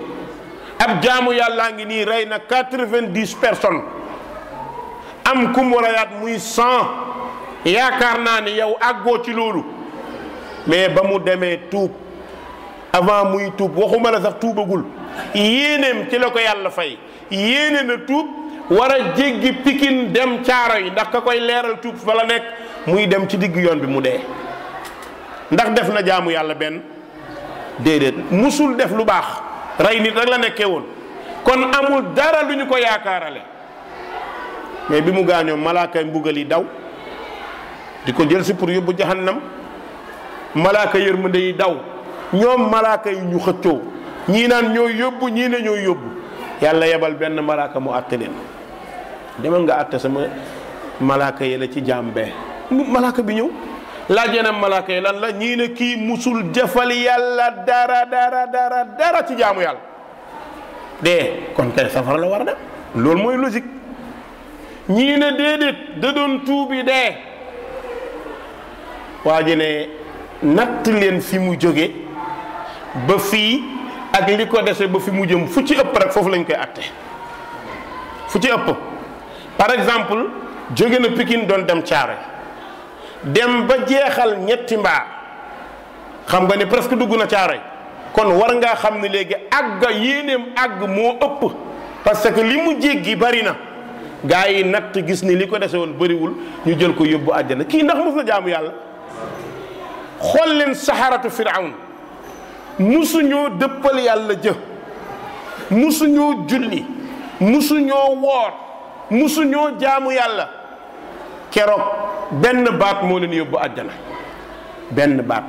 ab jaamu yàllaa ngi nii rey na quatre-vingt-dix personnes am ku mu reyaat muy cent yaakaar naa ni yow àggoo ci loolu mais ba mu demee tuub avant muy tuub waxuma la sax tuubagul yéeneem ci la ko yàlla fay yéene na tuub war a jéggi pikin dem caaro yi ndax ka koy leeral tuub fa la nekk muy dem ci diggu yoon bi mu dee ndax def na jaamu yàlla benn déedéet musul def lu baax rey nit rek la nekkee kon amul dara lu ñu ko yaakaarale mais bi mu gaañoo malaaka mbugal yi daw di ko jël si pour yóbbu jahannam malaaka yërmande yi daw ñoom malaaka yi ñu xëccoo ñii naan ñoo yóbbu ñii ne ñoo yóbbu yàlla yebal benn malaaka mu àtte leen demal nga àtte sama malaaka yi la ci jaam bee malaaka bi ñëw laaj na malaaka lan la ñii ne kii musul jëfal yàlla dara dara dara ci jaamu yàlla dee kon kay safara la war na loolu mooy logique ñii ne déedéet da doon tuubi dee waa ji natt leen fi mu jóge ba fii ak li ko dese ba fi mu jëm fu ci ëpp rek foofu lañ koy atte fu ci ëpp par exemple jóge na Pikine doon dem Thiaroye dem ba jeexal ñetti mbaa xam nga ne presque dugg na caaroy kon war ngaa xam ni léegi àgga yéeneem àgg moo ëpp parce que li mu jéggi bari na gaa yi natt gis ni li ko dese woon bëriwul ñu jël ko yóbbu àjjana kii ndax mos na jaamu yàlla xool leen saxaratu firawn musuñoo dëppal yàlla jë musuñoo julli musuñoo woor musuñoo jaamu yàlla keroog benn baat moo leen yóbbu àjjana benn baat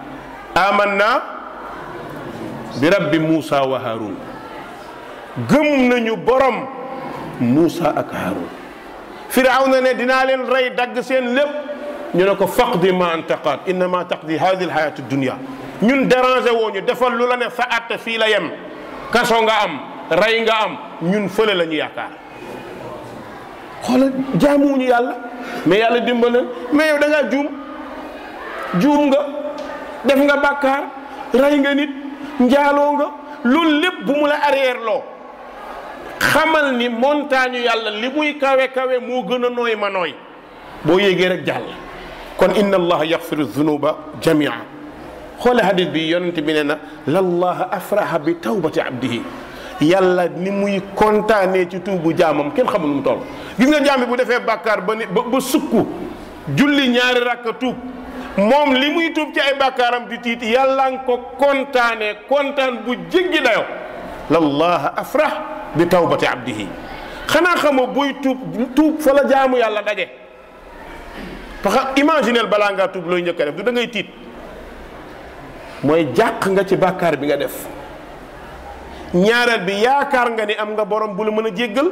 amanna bi rabbi Moussa wa Haroun gëm nañu borom Moussa ak Haroun firawna ne dinaa leen rey dagg seen lépp ñu ne ko faqdi ma anta qaad innama taqdi hadi alhayatu dunia ñun dérangé woo ñu defal lu la ne sa atte fii la yem kaso nga am rey nga am ñun fële la ñu yaakaar xoolal jaamuwuñu yàlla mais yàlla dimbal mais yow da ngaa juum juum nga def nga bàkkaar rey nga nit njaaloo nga loolu lépp bu mu la arrière loo xamal ni montagne yàlla li muy kawe kawe moo gën a nooy ma nooy boo yéegee rek jàll kon inna allaha yaxfiru zunuba jamia xoole hadith bi yonente bi nee na lallaha afraha bi tawbati abdihi yàlla li muy kontaanee ci tuubu jaamam kenn xamul nu mu toll gis nga jaam bi bu defee bakkaar ba ne ba sukk julli ñaari rakka tuub moom li muy tuub ci ay bàkkaaram di tiit yàlla nga ko kontaanee kontaan bu jéggi dayo lallaha afrah bi tawbati abdihi xanaa xamoo buy tuub tuub fa la jaamu yàlla daje parce que imaginel balaa ngaa tuub looy njëkk a def du da tiit mooy jàq nga ci bàkkaar bi nga def ñaareel bi yaakaar nga ni am nga borom bu la mën a jéggal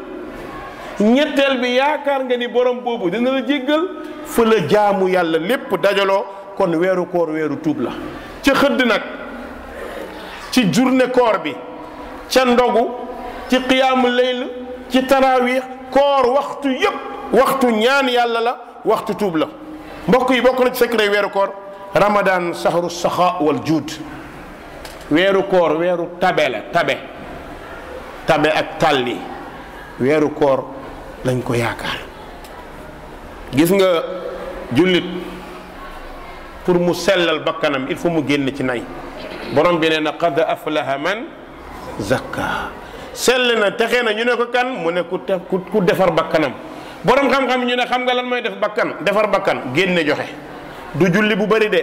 ñetteel bi yaakaar nga ni borom boobu dina la jéggal fa la jaamu yàlla lépp dajaloo kon weeru koor weeru tuub la ci xëdd nag ci journée koor bi ca ndogu ci qiyaamu layl ci taraawiix koor waxtu yépp waxtu ñaan yàlla la waxtu tuub la mbokk yi bokk na ci secret weeru koor ramadan sahru saxaa wal juud weeru koor weeru tabe la tabe tabe ak tàlli weeru koor lañ ko yaakaar gis nga jullit pour mu sellal bakkanam il faut mu génn ci nay borom bi nee na qad aflaha man zakka sell na texe na ñu ne ko kan mu ne ku ku defar bakkanam borom xam-xam ñu ne xam nga lan mooy def bakkan defar bakkan génne joxe du julli bu bari de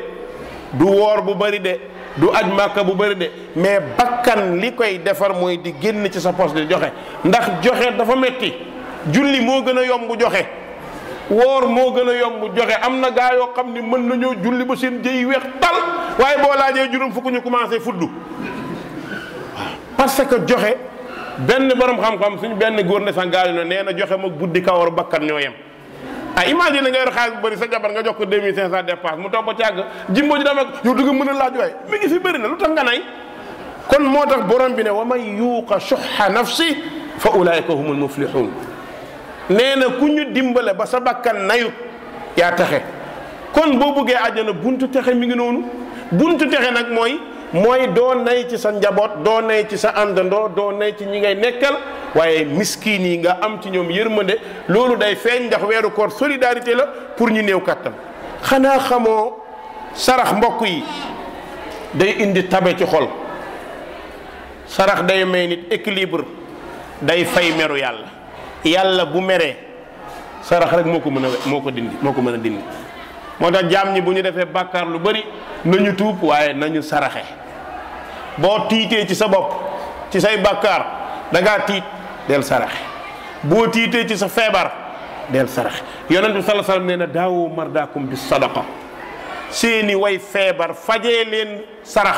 du woor bu bari de du aj màkka bu bari de mais bakkan li koy defar mooy di génn ci sa poche di joxe ndax joxe dafa metti julli moo gën a yomb joxe woor moo gën a yomb joxe am na gaa yoo xam ni mën na nañoo julli ba seen jëy weex tal waaye boo laajee juróom fukk ñu commencé fuddu parce que joxe benn borom xam-xam suñu benn góor ne sa gaa yi ne nee na joxe ma buddi kawar bakkan ñoo yem. ah imagine nga yor xaalis bu bëri sa jabar nga jox ko 2500 dépense mu toog ba càgg jimbo ji dama yow du nga mën a laaj waay mi ngi fi bëri na lu tax nga nay kon moo tax borom bi ne wa man yuuqa shuhha nafsi fa ulaika humul muflihun nee na ku ñu dimbale ba sa bakkan nayut yaa taxe kon boo buggee àjjana buntu texe mi ngi noonu buntu texe nag mooy mooy doo nay ci sa njaboot doo nay ci sa àndandoo doo nay ci ñi ngay nekkal waaye miskiin yi nga am ci ñoom yërmande loolu day feeñ ndax weeru koor solidarité la pour ñu néew kàttan xanaa xamoo sarax mbokk yi day indi tabe ci xol sarax day may nit équilibre day fay meru yàlla yàlla bu meree sarax rek moo ko mën a moo ko dindi moo ko mën a dindi moo tax jaam ñi bu ñu defee bàkkaar lu bari nañu tuub waaye nañu saraxe boo tiitee ci sa bopp ci say bàkkaar da tiit del saraxe boo tiitee ci sa feebar del saraxe yonent bi sallallahu alayhi wasallam nee na daawu mardaakum bi sadaqa seeni way feebar fajee leen sarax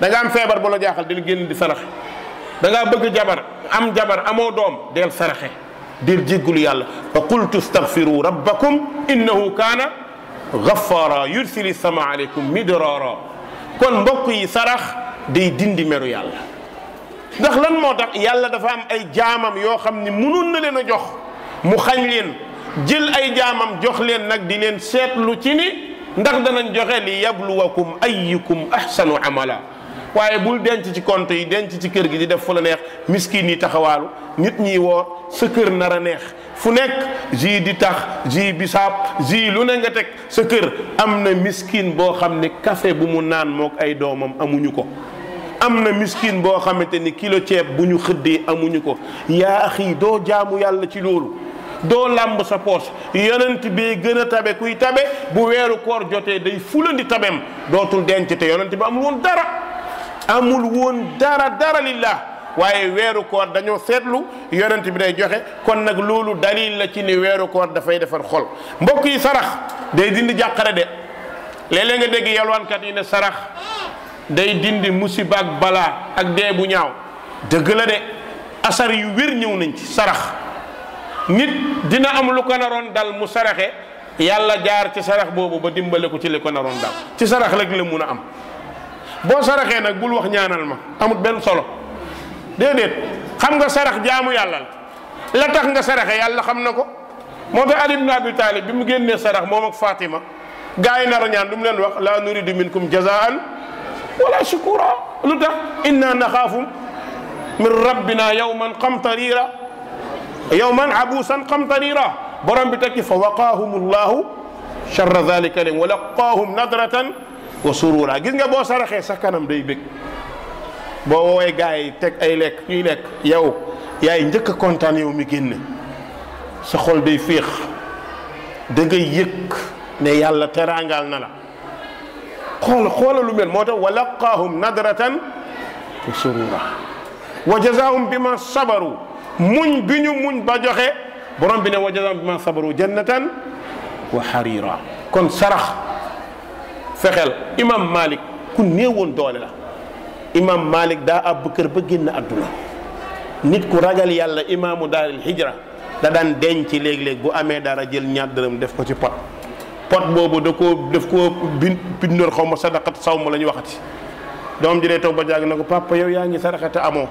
da am feebar bu jaaxal del génn di saraxe da bëgg jabar am jabar amoo doom del saraxe del jéggulu yàlla fa qultu astaghfiru rabbakum innahu kaana ghaffara yursili sama aleykum midrara kon mbokk yi sarax day dindi meru yàlla ndax lan moo tax yàlla dafa am ay jaamam yoo xam ni munoon na leen a jox mu xañ leen jël ay jaamam jox leen nag di leen seetlu ci ni ndax danañ joxe li yabluwakum ayyukum ahsanu amala waaye bul denc ci kont yi denc ci kër gi di def fu la neex miskin yi taxawaalu nit ñi woo sa kër nar a neex fu nekk gi di tax ji bisaab gi lu ne nga teg sa kër am na miskin boo xam ne café bu mu naan mook ay doomam amuñu ko am na miskin boo xamante ni kilo ceeb bu ñu xëddee amuñu ko yaa axi doo jaamu yàlla ci loolu doo làmb sa poos yonent bi gën a tabe kuy tabe bu weeru koor jotee day fulandi tabeem dootul denc te yonent bi amul woon dara amul woon dara dara lillah waaye weeru koor dañoo seetlu yonent bi day joxe kon nag loolu dalil la ci ni weeru koor dafay defar xol mbokk yi sarax day dindi jàqare de léeg nga dégg yalwaankat yi ne sarax day dindi musiba balaa ak dee bu ñaaw dëgg la de asar yu wér ñëw nañ ci sarax nit dina am lu ko naroon dal mu saraxe yàlla jaar ci sarax boobu ba dimbale ko ci li ko naroon dal ci sarax gi la mun a am boo saraxee nag bul wax ñaanal ma amut benn solo déedéet xam nga sarax jaamu yàlla la tax nga saraxe yàlla xam na ko moo tax Ali ibn Abi Talib bi mu génnee sarax moom ak Fatima gars yi nar a ñaan lu mu leen wax laa la nuridu minkum jazaan wala shukura lu tax inna naxaafu min rabbina yawman qamtarira yawman abuusan qamtarira borom bi tekki fa waqaahum llahu charra dalika leen wa laqaahum nadratan wa surura gis nga boo saraxee sa kanam day bég boo woowee gars yi teg ay lekk ñuy lekk yow yaay njëkk a kontaan yow mi génn sa xol day féex da ngay yëg ne yàlla teraangaal na la xoola xoola lu mel moo tax wa laqaahum nadratan wa surura wa jazaahum bi ma sabaru muñ bi muñ ba joxe borom bi ne wa jazaahum bi ma sabaru jannatan wa xarira kon sarax fexeel imam malik ku néewoon doole la imam malik daa àbb kër ba génn àdduna nit ku ragal yàlla imaamu daaril hijra da daan denc léeg-léeg bu amee dara jël ñaar def ko ci pot pot boobu da koo daf koo bin bindoor xaw ma sadaqat saw ma la ñu waxati doom ji day ba jàng na ko papa yow yaa ngi saraxate amoo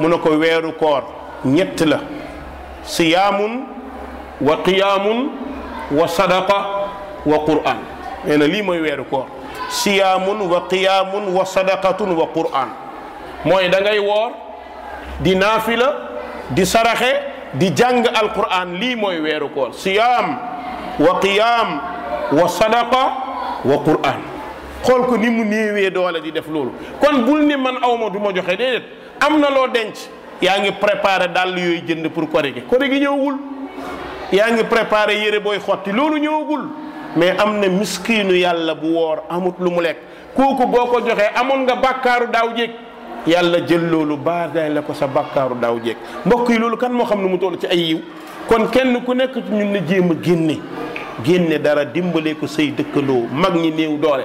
mu ne ko weeru koor ñett la siyaamun wa wa sadaqa wa qur'an na lii mooy weeru koor siyaamun wa qiyaamun wa sadaqatun wa qur'an mooy da ngay woor di naafila di saraxe di jàng alquran lii mooy weeru koor siyaam wa qiyaam wa sadaqa wa qur'an xool ko ni mu néewee doole di def loolu kon bul ni man awma du ma joxe déedéet am na loo denc yaa ngi préparé dàll yooyu jënd pour koré gi koré gi ñëwagul yaa ngi préparé yére booy xotti loolu ñëwagul mais am na miskiinu yàlla bu woor amut lu mu lekk kooku boo ko joxee amoon nga bàkkaaru daaw jéeg yàlla jël loolu baadaay la ko sa bàkkaaru daaw jéeg mbokk yi loolu kan moo xam nu mu toll ci ay yiw kon kenn ku nekk ci ñun ne jéem a génne dara dimbalee ko say dëkkandoo mag ñi néew doole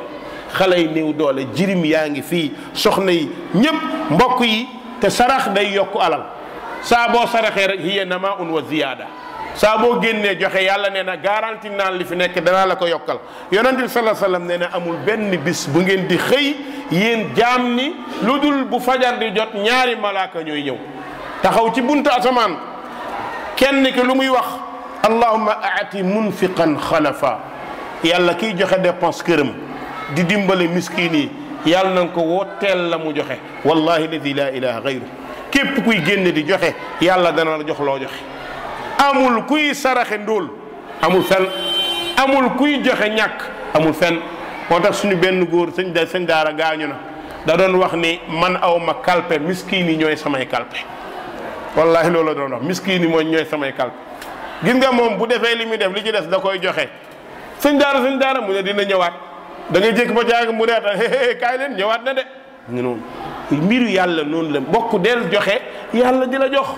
xale yi néew doole jirim yaa ngi fii soxna yi ñëpp mbokk yi te sarax day yokk alal saa boo saraxee rek hiya namaa un wa ziyaada saa boo génnee joxe yàlla nee na garanti naan li fi nekk danaa la ko yokkal yonent bi salaa sallam nee na amul benn bis bu ngeen di xëy yéen jaam ni lu dul bu fajar di jot ñaari malaaka ñooy ñëw taxaw ci buntu asamaan kenn ki lu muy wax allahuma aati munfiqan xalafa yàlla kiy joxe dépense këram di dimbale miskin yi yàlla na nga ko wooteel la mu joxe wallahi ladi laa ilaha gayru képp kuy génne di joxe yàlla dana la jox loo joxe amul kuy saraxe ndóol amul fenn amul kuy joxe ñàkk amul fenn moo tax suñu benn góor sëñ da sëñ daara gaañu na da doon wax ni man aw ma kalpe miskin yi ñooy samay kalpe wallahi loolu la doon wax miskin yi mooy ñooy samay kalpe gis nga moom bu defee li muy def li ci des da koy joxe sëñ daara sëñ daara mu ne dina ñëwaat da jékki ba caag mu ne ata kaay leen ñëwaat na de ñu noonu mbiru yàlla noonu la mbokk del joxe yàlla di la jox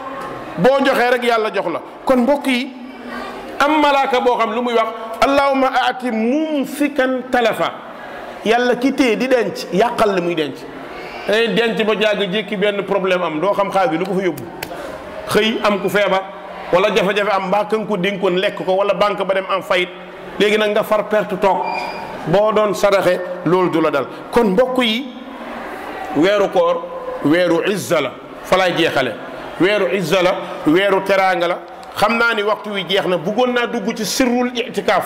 boo joxee rek yàlla jox la kon mbokk yi am malaaka boo xam lu muy wax allahumma aati mumsikan talafa yàlla ki téye di denc yàqal la muy denc denc ba jàgg jékki benn problème am doo xam xaalis bi lu ko fa yóbbu xëy am ku feebar wala jafe-jafe am mbaa kënku dénkoon lekk ko wala banque ba dem am fayit léegi nag nga far perte toog boo doon saraxe loolu du la dal kon mbokk yi weeru koor weeru izza la fa jeexale weeru izza la weeru teraanga la xam naa ni waxtu wi jeex na buggoon naa dugg ci sirrul itikaaf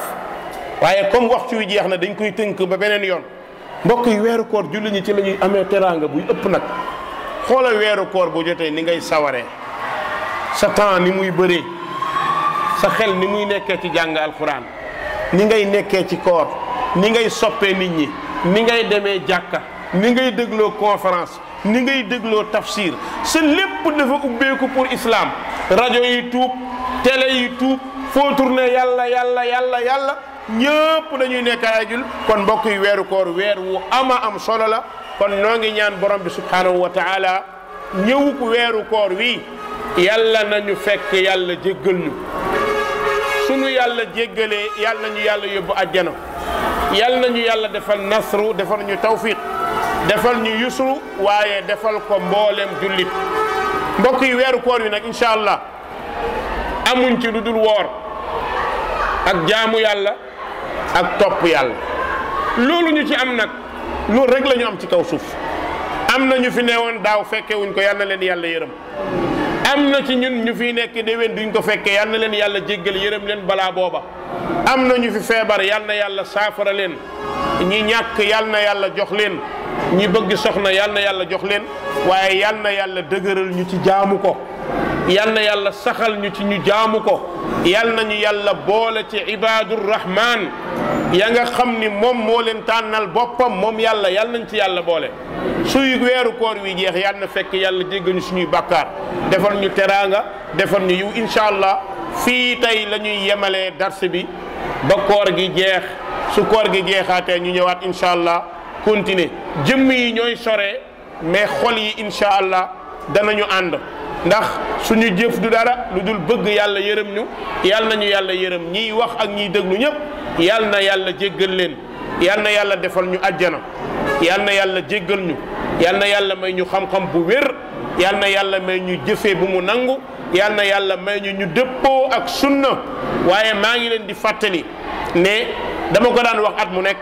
waaye comme waxtu wi jeex na dañ koy tënk ba beneen yoon mbokk yi weeru koor julli ñi ci la ñuy amee teraanga buy ëpp nag xoola weeru koor bu jotee ni ngay sawaree sa temps ni muy bëree sa xel ni muy nekkee ci jàng alxuraan ni ngay nekkee ci koor ni ngay soppee nit ñi ni ngay demee jàkka ni ngay dégloo conférence ni ngay dégloo tafsir sa lépp dafa ubbeeku pour islaam rajo yi tuub télé yi tuub foo tourné yàlla yàlla yàlla yàlla ñëpp dañuy nekk ay jul kon mbokk yi weeru koor weer wu ama am solo la kon noo ngi ñaan borom bi subhanahu wa taala ñëwuk weeru wii yàlla ñu fekk yàlla jéggal ñu sunu yàlla jéggalee yàlla nañu yàlla yóbbu àjjana yàlla nañu yàlla defal nasru defal ñu tawfiq defal ñu yusru waaye defal ko mboolem jullit mbokk yi weeru koor wi nag incha allah amuñ ci lu dul woor ak jaamu yàlla ak topp yàlla loolu ñu ci am nag loolu rek la ñu am ci kaw suuf am na ñu fi newoon daaw fekkewuñ ko yàlla leen yàlla yërëm am na ci ñun ñu fiy nekk déwén duñ ko fekkee yal na leen yàlla jéggal yërëm leen balaa booba am na ñu fi feebar yal na yàlla saafara leen ñi ñàkk yal na yàlla jox leen ñi bëgg soxna yal na yàlla jox leen waaye yal na yàlla dëgëral ñu ci jaamu ko yal na yàlla saxal ñu ci ñu jaamu ko yal nañu yàlla boole ci ibadur rahman ya nga xam ni moom moo leen tànnal boppam moom yàlla yal nañ ci yàlla boole suy weeru koor wi jeex yal na fekk yàlla jéggal ñu suñuy bàkkaar defal ñu teraanga defal ñu yiw incha allah fii tey la ñuy yemalee dars bi ba koor gi jeex su koor gi jeexaatee ñu ñëwaat incha allah continuer jëmm yi ñooy sore mais xol yi incha allah danañu ànd ndax suñu jëf du dara lu dul bëgg yàlla yërëm ñu yàlla nañu yàlla yërëm ñiy wax ak ñiy déglu ñëpp yàlla na yàlla jéggal leen yàlla na yàlla defal ñu àjjana yàlla na yàlla jéggal ñu yàlla na yàlla may ñu xam-xam bu wér yàlla na yàlla may ñu jëfee bu mu nangu yàlla na yàlla may ñu ñu dëppoo ak sunna waaye maa ngi leen di fàttali ne dama ko daan wax at mu nekk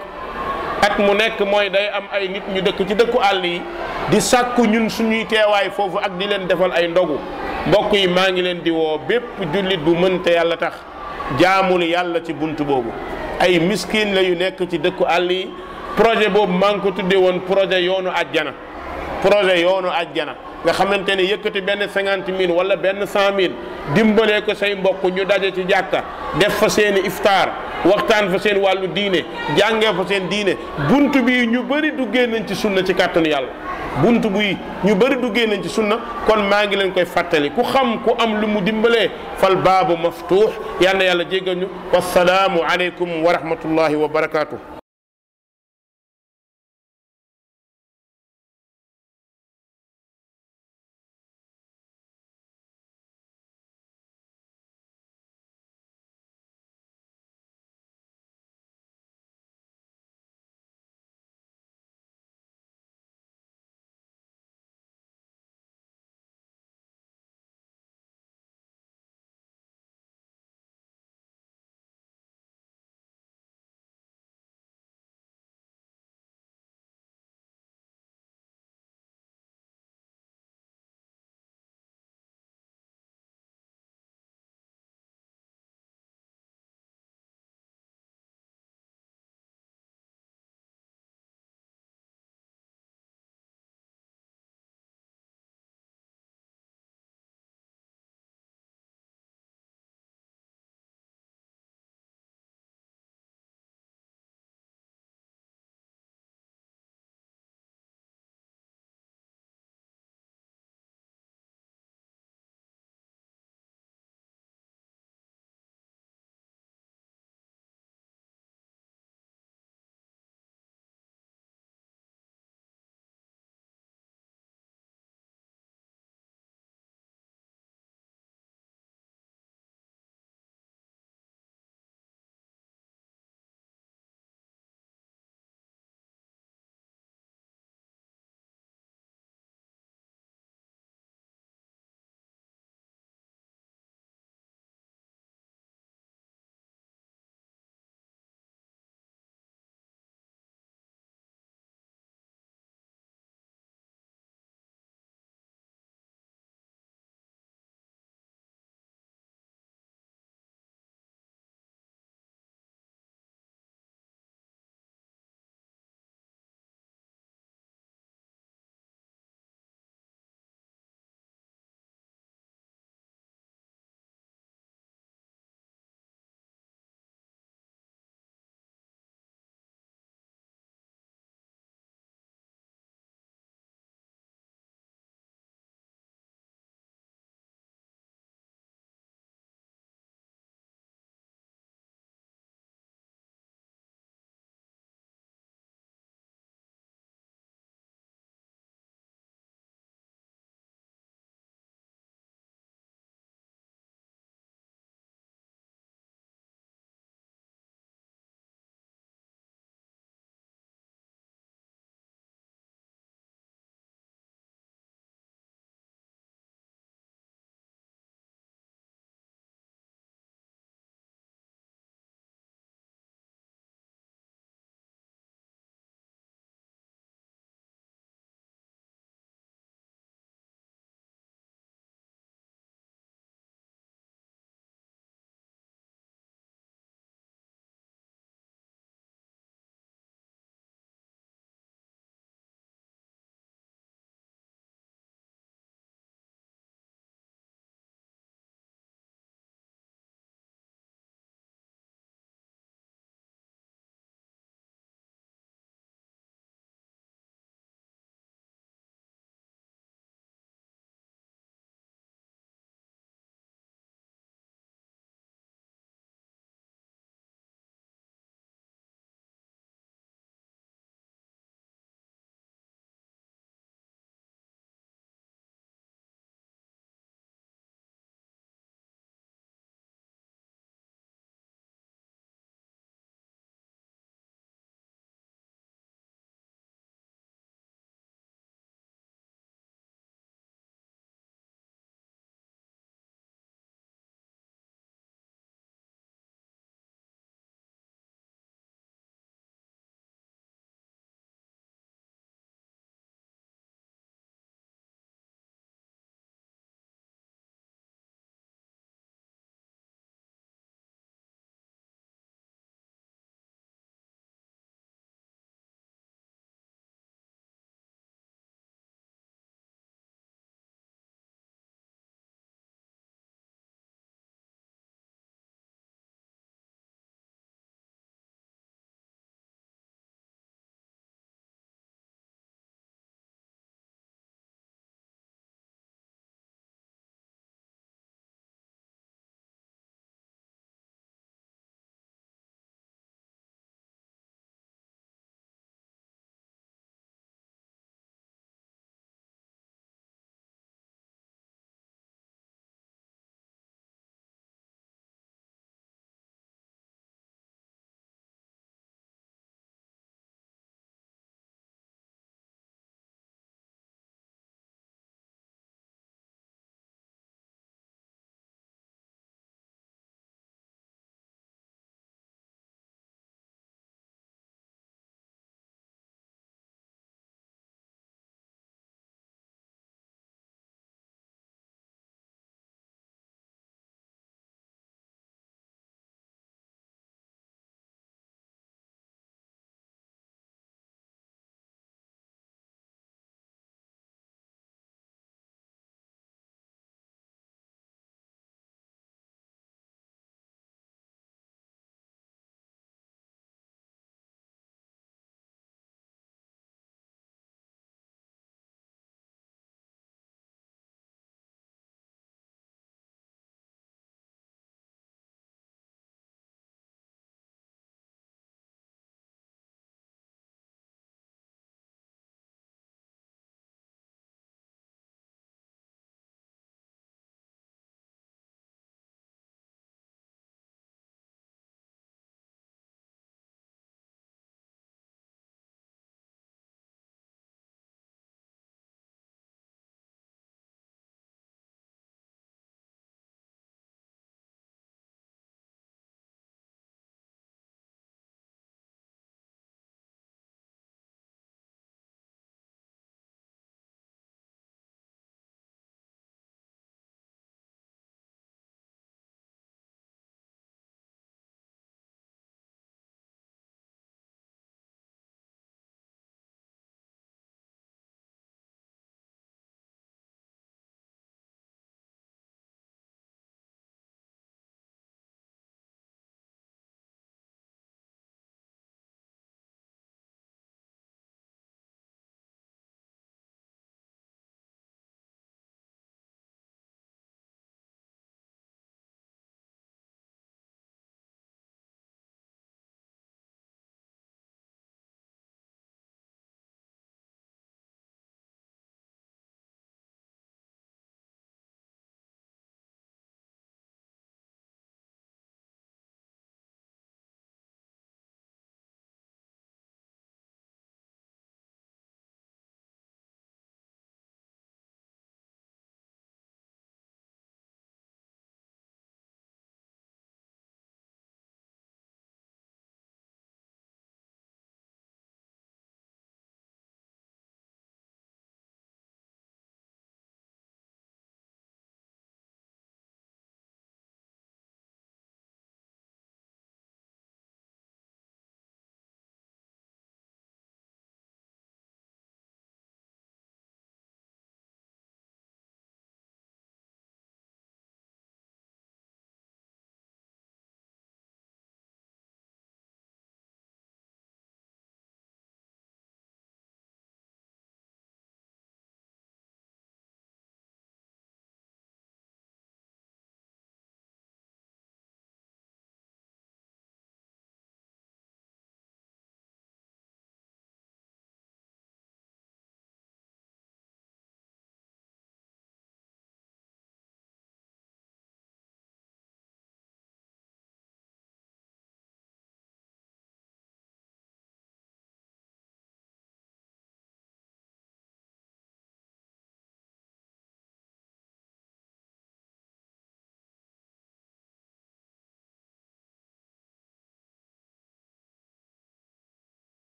at mu nekk mooy day am ay nit ñu dëkk ci dëkku àll yi di sàkku ñun suñuy teewaay foofu ak di leen defal ay ndogu mbokk yi maa ngi leen di woo bépp jullit bu mënte yàlla tax jaamul yàlla ci bunt boobu ay miskin la yu nekk ci dëkku àll yi projet boobu maa ngi ko tuddee woon projet yoonu àjjana projet yoonu àjjana nga xamante ne yëkkati benn cinquante mille wala benn cent mille dimbalee ko say mbokk ñu daje ci jàkka def fa seeni iftaar waxtaan fa seen wàllu diine jàngee fa seen diine bunt bi ñu bëri duggee nañ ci sunna ci kàttanu yàlla bunt bi ñu bëri duggee nañ ci sunna kon maa ngi leen koy fàttali ku xam ku am lu mu dimbalee fal baabu maftuux yal na yàlla jéggal ñu wassalaamu aleykum wa rahmatullahi wa barakaatu.